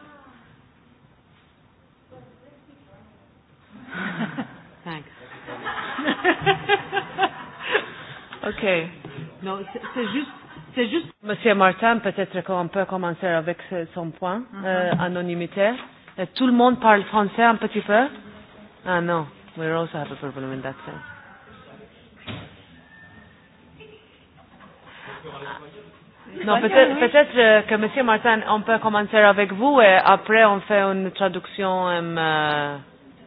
non, c'est juste. C'est juste. Monsieur Martin, peut-être qu'on peut commencer avec son point, mm -hmm. euh, anonymité. Tout le monde parle français un petit peu Ah non, we also have a problem in that sense. Non, peut-être peut, -être, peut etre que Monsieur Martin, on peut commencer avec vous et après on fait une traduction. Euh,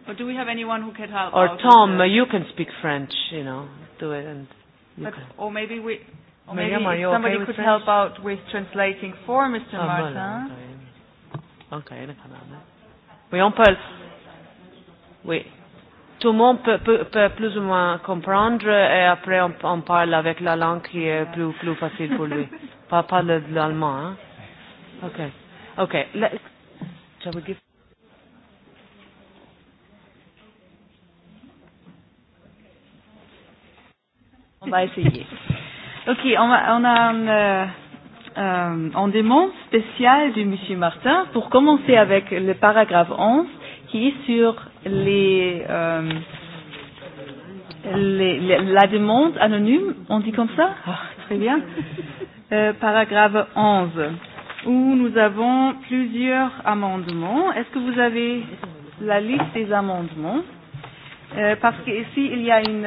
Or do we have anyone who can help? Or Tom, you can speak French, you know, do it and. But, or maybe we, or maybe somebody could help out with translating for Mr. Martin. Okay, Oui, on peut. Oui. Tout le monde peut, peut, peut plus ou moins comprendre et après on, on parle avec la langue qui est plus, plus facile pour lui. pas pas l'allemand. Hein? Ok. Ok. Shall we give On va essayer. Ok, on a, on a un, euh, un demande spécial de Monsieur Martin pour commencer avec le paragraphe 11 qui est sur les, euh, les, la demande anonyme, on dit comme ça Très bien. Euh, paragraphe 11 où nous avons plusieurs amendements. Est-ce que vous avez la liste des amendements euh, Parce que ici, il y a une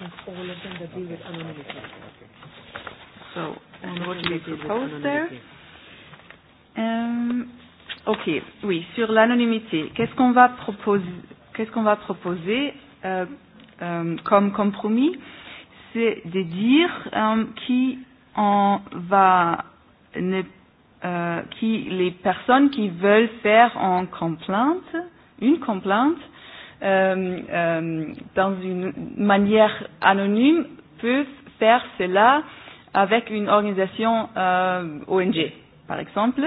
and all of them that deal with anonymity. So, and what do we propose there? Um, ok, oui, sur l'anonymité, qu'est-ce qu'on va proposer, qu'est-ce qu'on va proposer euh, euh, comme compromis C'est de dire euh, qui on va ne, euh, qui les personnes qui veulent faire en complainte, une complainte, dans une manière anonyme peuvent faire cela avec une organisation ONG, par exemple.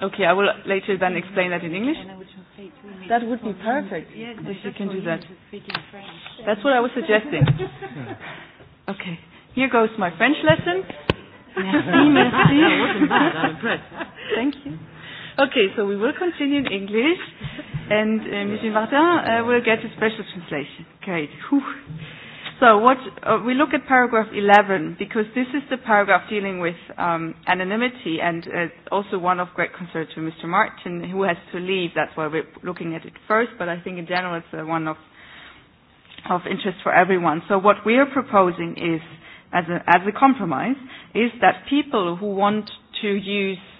Okay, I will later then explain that in English. That would be perfect if you can do that. That's what I was suggesting. Okay, here goes my French lesson. Merci, merci. Thank you. Okay, so we will continue in English, and uh, Monsieur Martin will get a special translation. Great. So what we look at paragraph 11 because this is the paragraph dealing with um, anonymity and also one of great concern to Mr. Martin who has to leave. That's why we're looking at it first, but I think in general it's one of of interest for everyone. So what we are proposing is, as a, as a compromise, is that people who want to use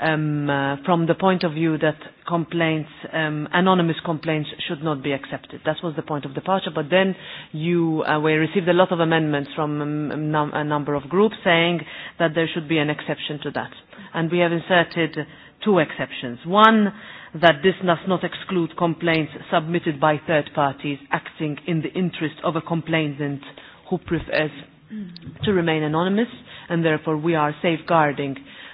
from the point of view that complaints, anonymous complaints should not be accepted. That was the point of departure. But then you, we received a lot of amendments from a number of groups saying that there should be an exception to that. And we have inserted two exceptions. One, that this does not exclude complaints submitted by third parties acting in the interest of a complainant who prefers to remain anonymous, and therefore we are safeguarding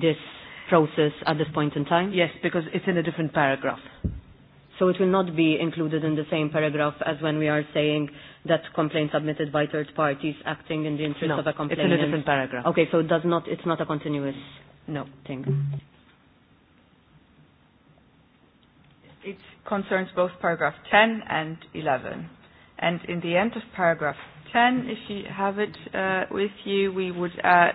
this process at this point in time? Yes, because it's in a different paragraph. So it will not be included in the same paragraph as when we are saying that complaints submitted by third parties acting in the interest of a complainant. No, it's in a different paragraph. Okay, so it does not, it's not a continuous no thing. It concerns both paragraph 10 and 11. And in the end of paragraph 10, if you have it with you, we would add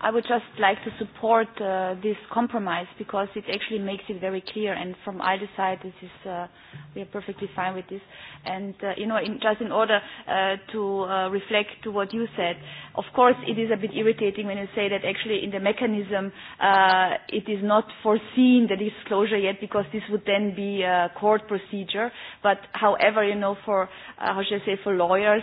I would just like to support this compromise because it actually makes it very clear, and from either side, this is we are perfectly fine with this. And you know, just in order to reflect to what you said, of course, it is a bit irritating when you say that actually in the mechanism it is not foreseen the disclosure yet because this would then be a court procedure. But however, you know, for how should I say, for lawyers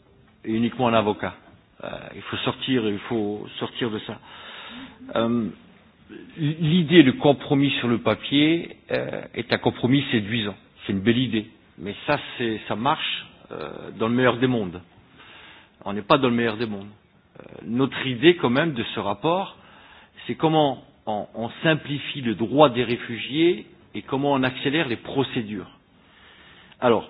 et uniquement un avocat. Il faut sortir, il faut sortir de ça. L'idée de compromis sur le papier est un compromis séduisant. C'est une belle idée. Mais ça, ça marche dans le meilleur des mondes. On n'est pas dans le meilleur des mondes. Notre idée quand même de ce rapport, c'est comment on simplifie le droit des réfugiés et comment on accélère les procédures. Alors,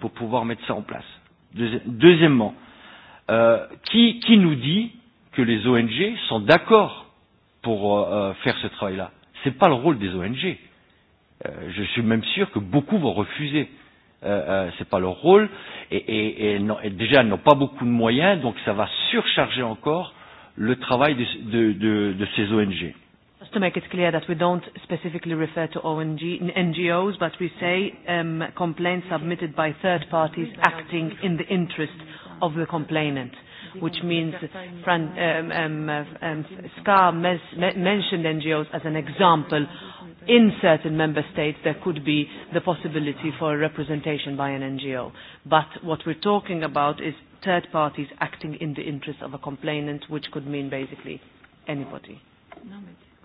pour pouvoir mettre ça en place. Deuxièmement, qui, qui nous dit que les ONG sont d'accord pour faire ce travail-là Ce n'est pas le rôle des ONG. je suis même sûr que beaucoup vont refuser. Euh, n'est pas leur rôle et, et, et, non, et déjà n'ont pas beaucoup de moyens donc ça va surcharger encore le travail de, de, de, de ces ONG. Just to make it clear that we don't specifically refer to ONG, NGOs, but we say complaints submitted by third parties acting in the interest of the complainant, which means Fran, um, mentioned NGOs as an example. In certain member states, there could be the possibility for a representation by an NGO. But what we're talking about is third parties acting in the interest of a complainant, which could mean basically anybody.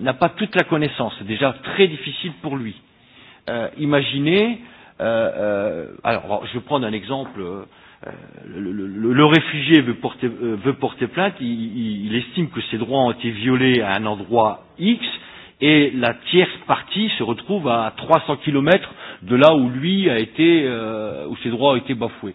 n'a pas toute la connaissance. C'est déjà très difficile pour lui. Euh, Imaginez, euh, euh, alors je vais prendre un exemple, le réfugié veut porter veut porter plainte, il estime que ses droits ont été violés à un endroit X et la tierce partie se retrouve à 300 kilomètres de là où lui a été où ses droits ont été bafoués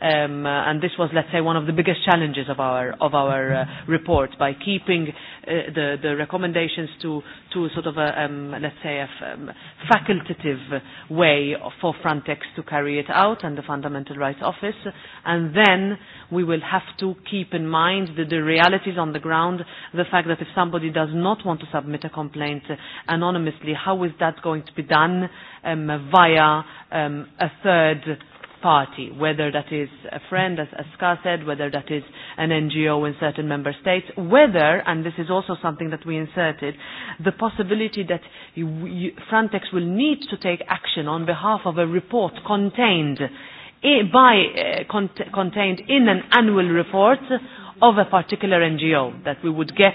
and this was, let's say, one of the biggest challenges of our of our report by keeping the the recommendations to to sort of a let's say a facultative way for Frontex to carry it out and the Fundamental Rights Office, and then we will have to keep in mind the the realities on the ground, the fact that if somebody does not want to submit a complaint anonymously, how is that going to be done via a third party, whether that is a friend, as Ska said, whether that is an NGO in certain member states, whether, and this is also something that we inserted, the possibility that Frontex will need to take action on behalf of a report contained by contained in an annual report of a particular NGO that we would get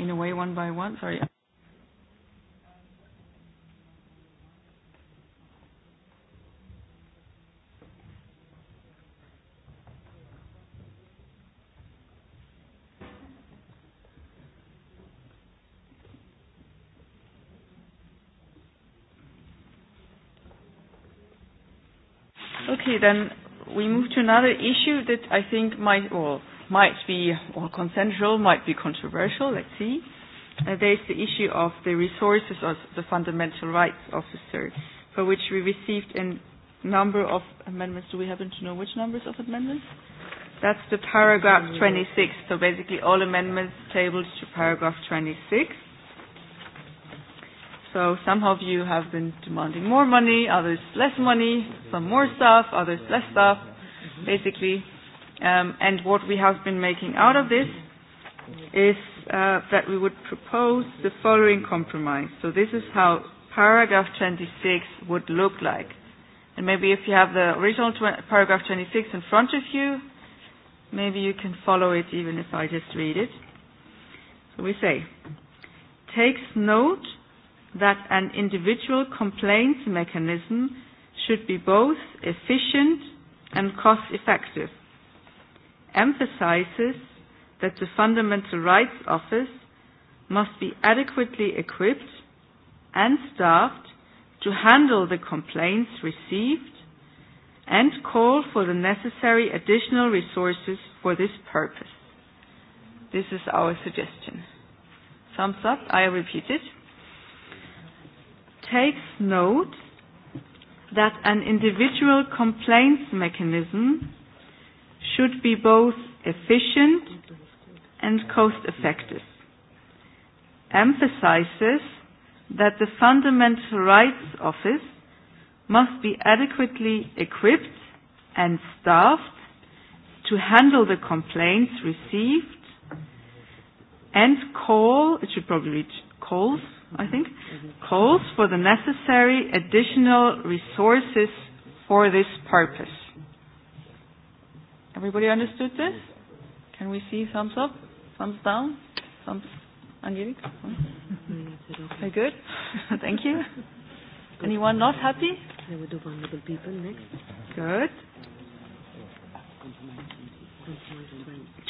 in a way one by one? Sorry. Okay, then we move to another issue that I think might, all might be or consensual, might be controversial, let's see. There is the issue of the resources of the fundamental rights officer, for which we received a number of amendments. Do we happen to know which numbers of amendments? That's the paragraph 26. So basically all amendments tabled to paragraph 26. So some of you have been demanding more money, others less money, some more stuff, others less stuff. Basically, and what we have been making out of this is that we would propose the following compromise. So this is how paragraph 26 would look like. And maybe if you have the original paragraph 26 in front of you, maybe you can follow it even if I just read it. So we say, takes note that an individual complaints mechanism should be both efficient and cost effective emphasizes that the Fundamental Rights Office must be adequately equipped and staffed to handle the complaints received and call for the necessary additional resources for this purpose. This is our suggestion. Thumbs up, I repeat it. Takes note that an individual complaints mechanism should be both efficient and cost effective. Emphasizes that the Fundamental Rights Office must be adequately equipped and staffed to handle the complaints received and call, it should probably calls, I think, calls for the necessary additional resources for this purpose. Everybody understood this? Can we see thumbs up, thumbs down, thumbs Angelique? Very good. Thank you. Anyone not happy? There would do vulnerable people next. Good.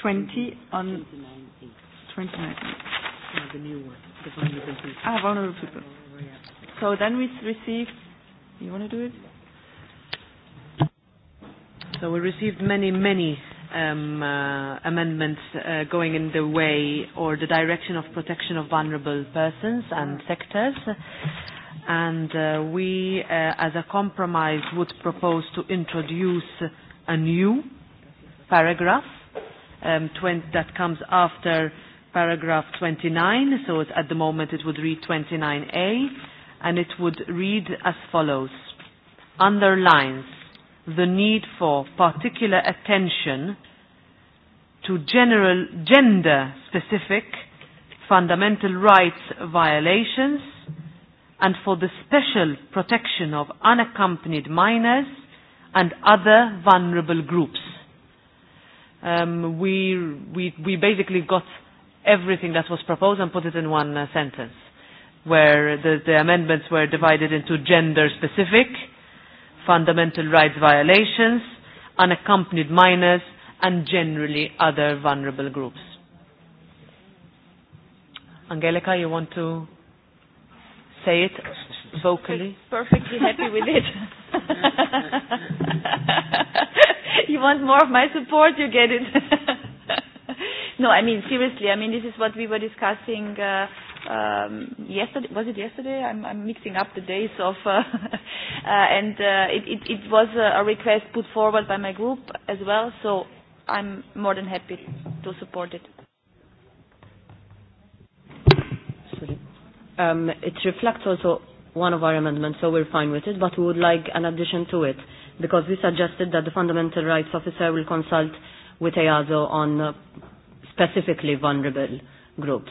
20 on 29. Ah, vulnerable people. So then we received. You want to do it? So we received many, many um, amendments going in the way or the direction of protection of vulnerable persons and sectors. And we, as a compromise, would propose to introduce a new paragraph um, that comes after paragraph 29. So at the moment it would read 29A, and it would read as follows. Underlines the need for particular attention to general gender-specific fundamental rights violations and for the special protection of unaccompanied minors and other vulnerable groups. we, we, basically got everything that was proposed and put it in one sentence, where the, the amendments were divided into gender-specific, fundamental rights violations, unaccompanied minors, and generally other vulnerable groups. Angelica, you want to say it vocally? Perfectly happy with it. you want more of my support, you get it. no, I mean, seriously, I mean, this is what we were discussing. Uh, um, yesterday was it yesterday? I'm, I'm mixing up the days of, uh, uh, and uh, it, it, it was a request put forward by my group as well. So I'm more than happy to support it. Um, it reflects also one of our amendments, so we're fine with it, but we would like an addition to it because we suggested that the Fundamental Rights Officer will consult with EASO on uh, specifically vulnerable groups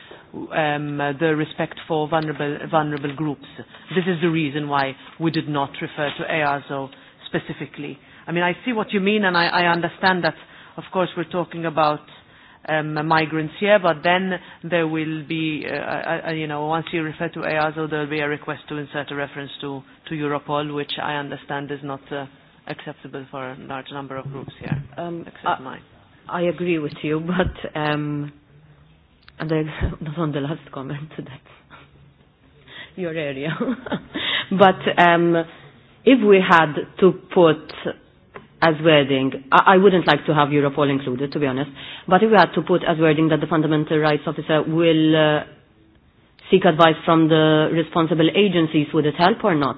the respect for vulnerable vulnerable groups. This is the reason why we did not refer to EASO specifically. I mean, I see what you mean, and I understand that, of course, we're talking about migrants here, but then there will be, you know, once you refer to EASO, there will be a request to insert a reference to to Europol, which I understand is not acceptable for a large number of groups here, except mine. I agree with you, but um and I not on the last comment that your area. but um, if we had to put as wording, I, I wouldn't like to have Europol included, to be honest, but if we had to put as wording that the fundamental rights officer will uh, seek advice from the responsible agencies, would it help or not?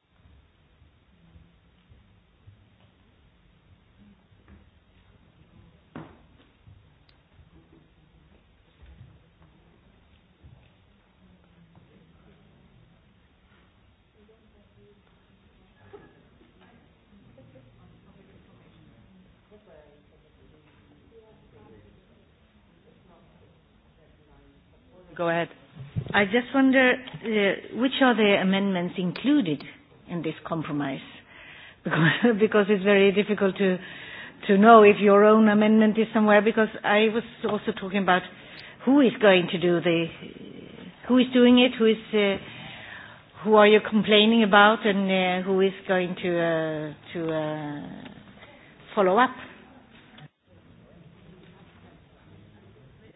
Go ahead. I just wonder which are the amendments included in this compromise, because it's very difficult to to know if your own amendment is somewhere. Because I was also talking about who is going to do the, who is doing it, who is, who are you complaining about, and who is going to to follow up.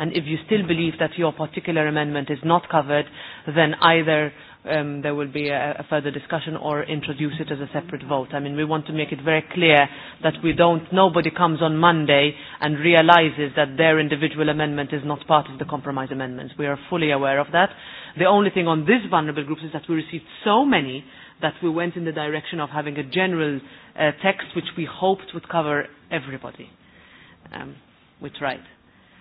and if you still believe that your particular amendment is not covered, then either there will be a, further discussion or introduce it as a separate vote. I mean, we want to make it very clear that we don't, nobody comes on Monday and realizes that their individual amendment is not part of the compromise amendments. We are fully aware of that. The only thing on these vulnerable groups is that we received so many that we went in the direction of having a general text which we hoped would cover everybody. Um, we tried.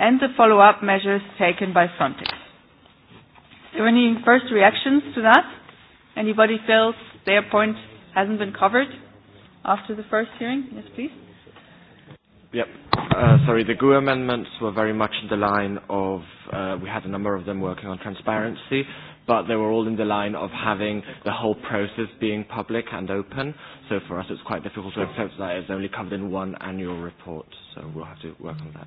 and the follow-up measures taken by Frontex. Is there any first reactions to that? Anybody feels their point hasn't been covered after the first hearing? Yes, please. Yep. Sorry, the GU amendments were very much in the line of, we had a number of them working on transparency, but they were all in the line of having the whole process being public and open. So for us, it's quite difficult to accept that it's only covered in one annual report. So we'll have to work on that.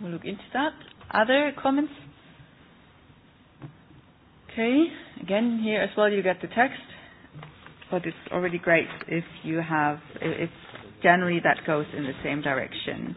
We'll look into that. Other comments? Okay. Again, here as well you get the text, but it's already great if you have, if generally that goes in the same direction.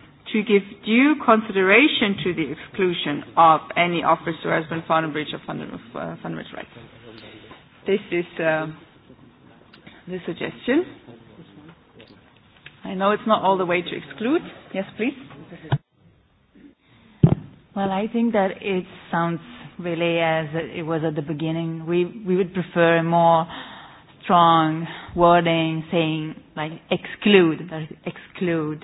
to give due consideration to the exclusion of any officer who has been found in breach of fundamental rights. This is the suggestion. I know it's not all the way to exclude. Yes, please. Well, I think that it sounds really as it was at the beginning. We we would prefer a more strong wording saying like exclude, exclude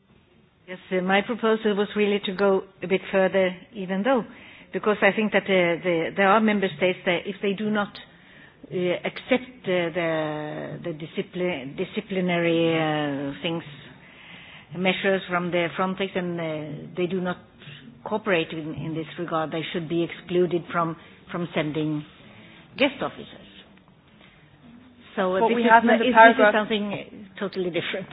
Yes, my proposal was really to go a bit further, even though, because I think that there are member states that if they do not accept the the disciplinary things, measures from the Frontex, and they do not cooperate in this regard, they should be excluded from from sending guest officers. So this is something totally different.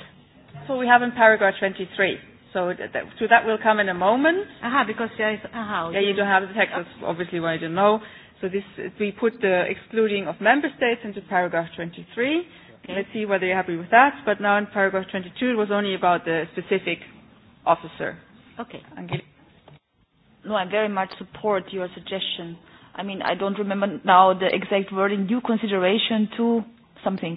So we have in paragraph 23 So that, to that will come in a moment. Aha, because there is aha. Yeah, you don't have the text. That's obviously why I don't know. So this we put the excluding of member states into paragraph 23. Okay. Let's see whether you're happy with that. But now in paragraph 22, it was only about the specific officer. Okay. No, I very much support your suggestion. I mean, I don't remember now the exact wording. new consideration to something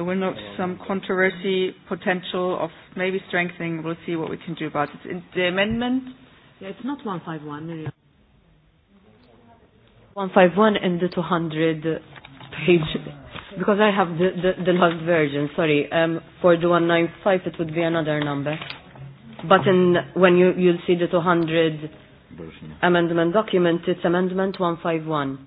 there will not some controversy potential of maybe strengthening. We'll see what we can do about it. In the amendment? Yeah, it's not 151. 151 in the 200 page. Because I have the, the, the last version, sorry. Um, for the 195 it would be another number. But in, when you, you'll see the 200 amendment document, it's amendment 151.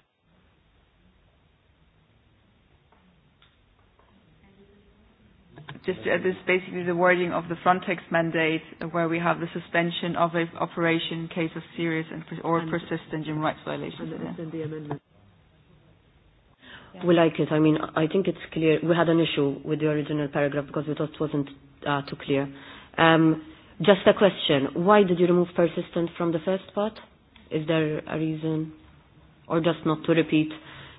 just this is basically the wording of the Frontex mandate, where we have the suspension of a operation in case of serious and or persistent human rights violations. the amendment. We like it. I mean, I think it's clear. We had an issue with the original paragraph because we thought it wasn't uh, too clear. Um, just a question. Why did you remove persistent from the first part? Is there a reason? Or just not to repeat?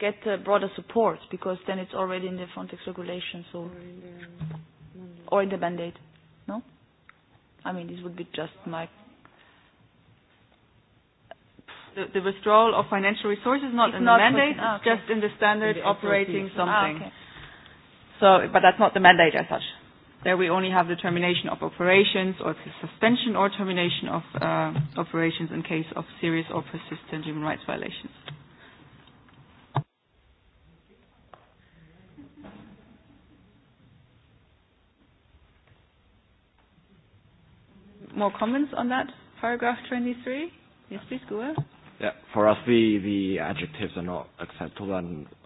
get broader support because then it's already in the Frontex regulation, so or in the mandate. No, I mean this would be just my. The, the withdrawal of financial resources not in the mandate, just in the standard operating something. So, but that's not the mandate as such. There we only have the termination of operations or suspension or termination of uh, operations in case of serious or persistent human rights violations. more comments on that paragraph 23? Yes, please, Gua. Yeah, for us the the adjectives are not acceptable and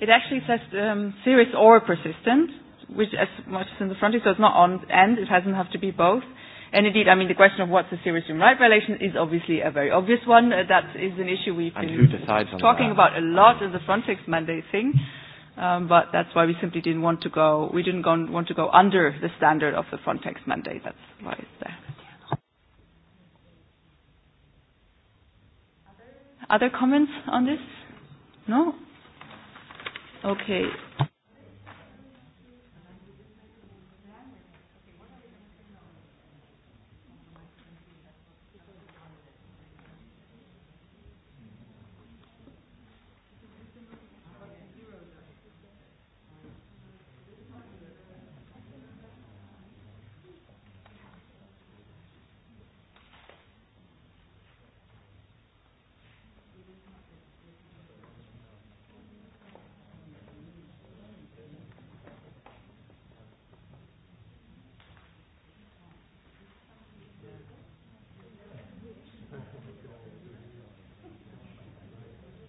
It actually says um, serious or persistent, which as much as in the Frontex, so it's not on end. it doesn't have to be both. And indeed, I mean, the question of what's a serious human rights violation is obviously a very obvious one. that is an issue we've been talking about a lot in the Frontex mandate thing. Um, but that's why we simply didn't want to go, we didn't go, want to go under the standard of the Frontex mandate. That's why it's there. Other comments on this? No? Okay.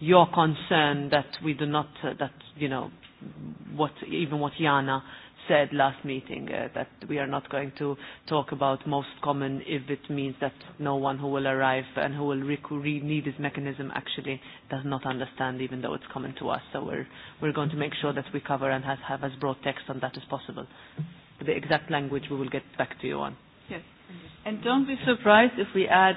your concern that we do not, that, you know, what, even what Jana said last meeting, that we are not going to talk about most common if it means that no one who will arrive and who will need this mechanism actually does not understand, even though it's common to us. So we're, we're going to make sure that we cover and has have as broad text on that as possible. The exact language we will get back to you on. Yes. And don't be surprised if we add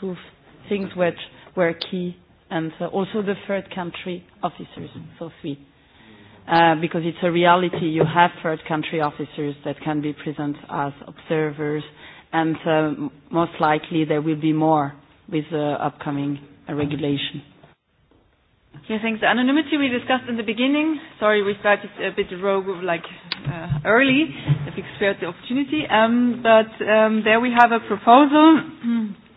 two things which were key, and also the third country officers, so three. Because it's a reality, you have third country officers that can be present as observers, and most likely there will be more with the upcoming regulation. Yeah, thanks. The anonymity we discussed in the beginning. Sorry, we started a bit rogue, like uh, early, if we spared the opportunity. Um, but um, there we have a proposal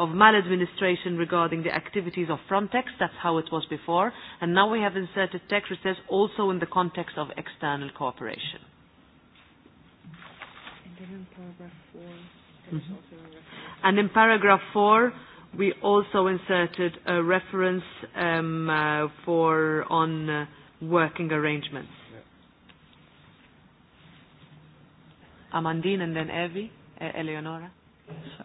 of maladministration regarding the activities of Frontex. That's how it was before. And now we have inserted text which says also in the context of external cooperation. And in paragraph 4, we also inserted a reference um, for on working arrangements. Amandine and then Evi, Eleonora. Yes, sir.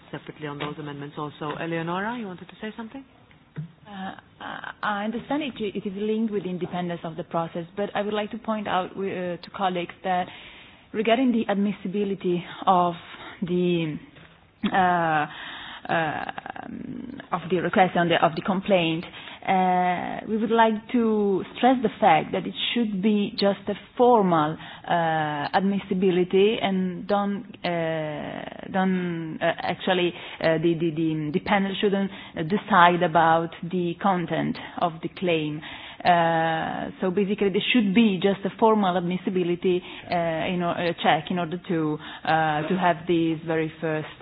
separately on those amendments also. Eleonora, you wanted to say something? I understand it, it is linked with the independence of the process, but I would like to point out to colleagues that regarding the admissibility of the uh, of the request of the complaint, we would like to stress the fact that it should be just a formal admissibility and don't don't actually the the the panel shouldn't decide about the content of the claim. So basically there should be just a formal admissibility in check in order to to have these very first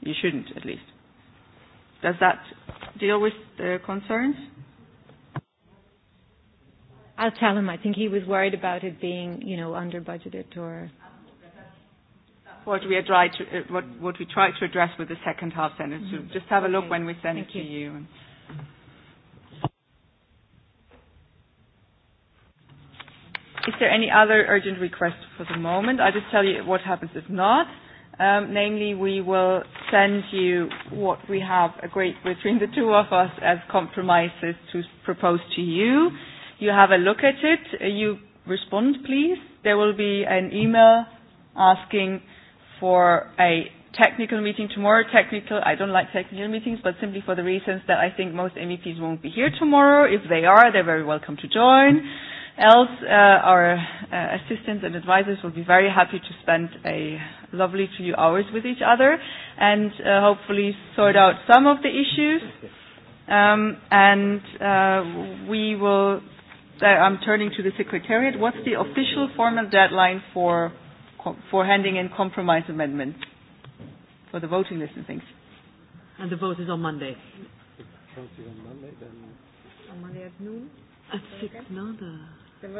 You shouldn't, at least. Does that deal with the concerns? I'll tell him. I think he was worried about it being, you know, under budgeted or. What we tried to, what, what we try to address with the second half sentence. just have a look when we send it to you. Is there any other urgent request for the moment? I just tell you what happens if not. Um, namely, we will send you what we have agreed between the two of us as compromises to propose to you. You have a look at it. You respond, please. There will be an email asking for a technical meeting tomorrow. Technical, I don't like technical meetings, but simply for the reasons that I think most MEPs won't be here tomorrow. If they are, they're very welcome to join else, uh, our uh, assistants and advisors will be very happy to spend a lovely few hours with each other and uh, hopefully sort out some of the issues. Um, and uh, we will, I'm turning to the Secretariat. What's the official formal deadline for, for handing in compromise amendments for the voting list and things? And the vote is on Monday. on Monday, at noon? At six, no, No,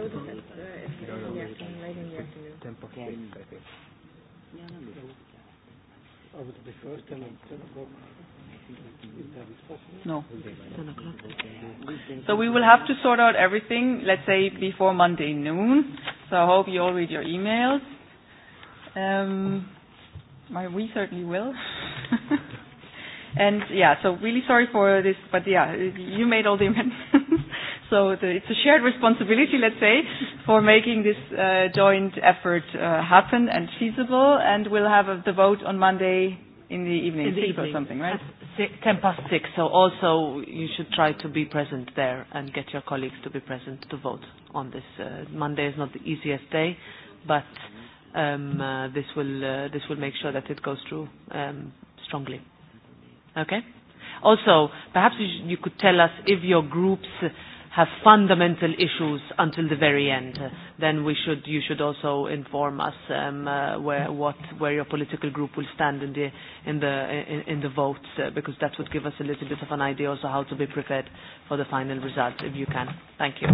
So we will have to sort out everything, let's say, before Monday noon. So I hope you all read your emails. Um, we certainly will. And yeah, so really sorry for this, but yeah, you made all the amendments. So the it's a shared responsibility, let's say, for making this uh, joint effort uh, happen and feasible. And we'll have a, the vote on Monday in the evening, in the evening. or something, right? ten past six. So also you should try to be present there and get your colleagues to be present to vote on this. Uh, Monday is not the easiest day, but um, uh, this will uh, this will make sure that it goes through um, strongly. Okay. Also, perhaps you, you could tell us if your groups have fundamental issues until the very end, then we should you should also inform us where what where your political group will stand in the in the in the votes because that would give us a little bit of an idea also how to be prepared for the final result if you can. Thank you.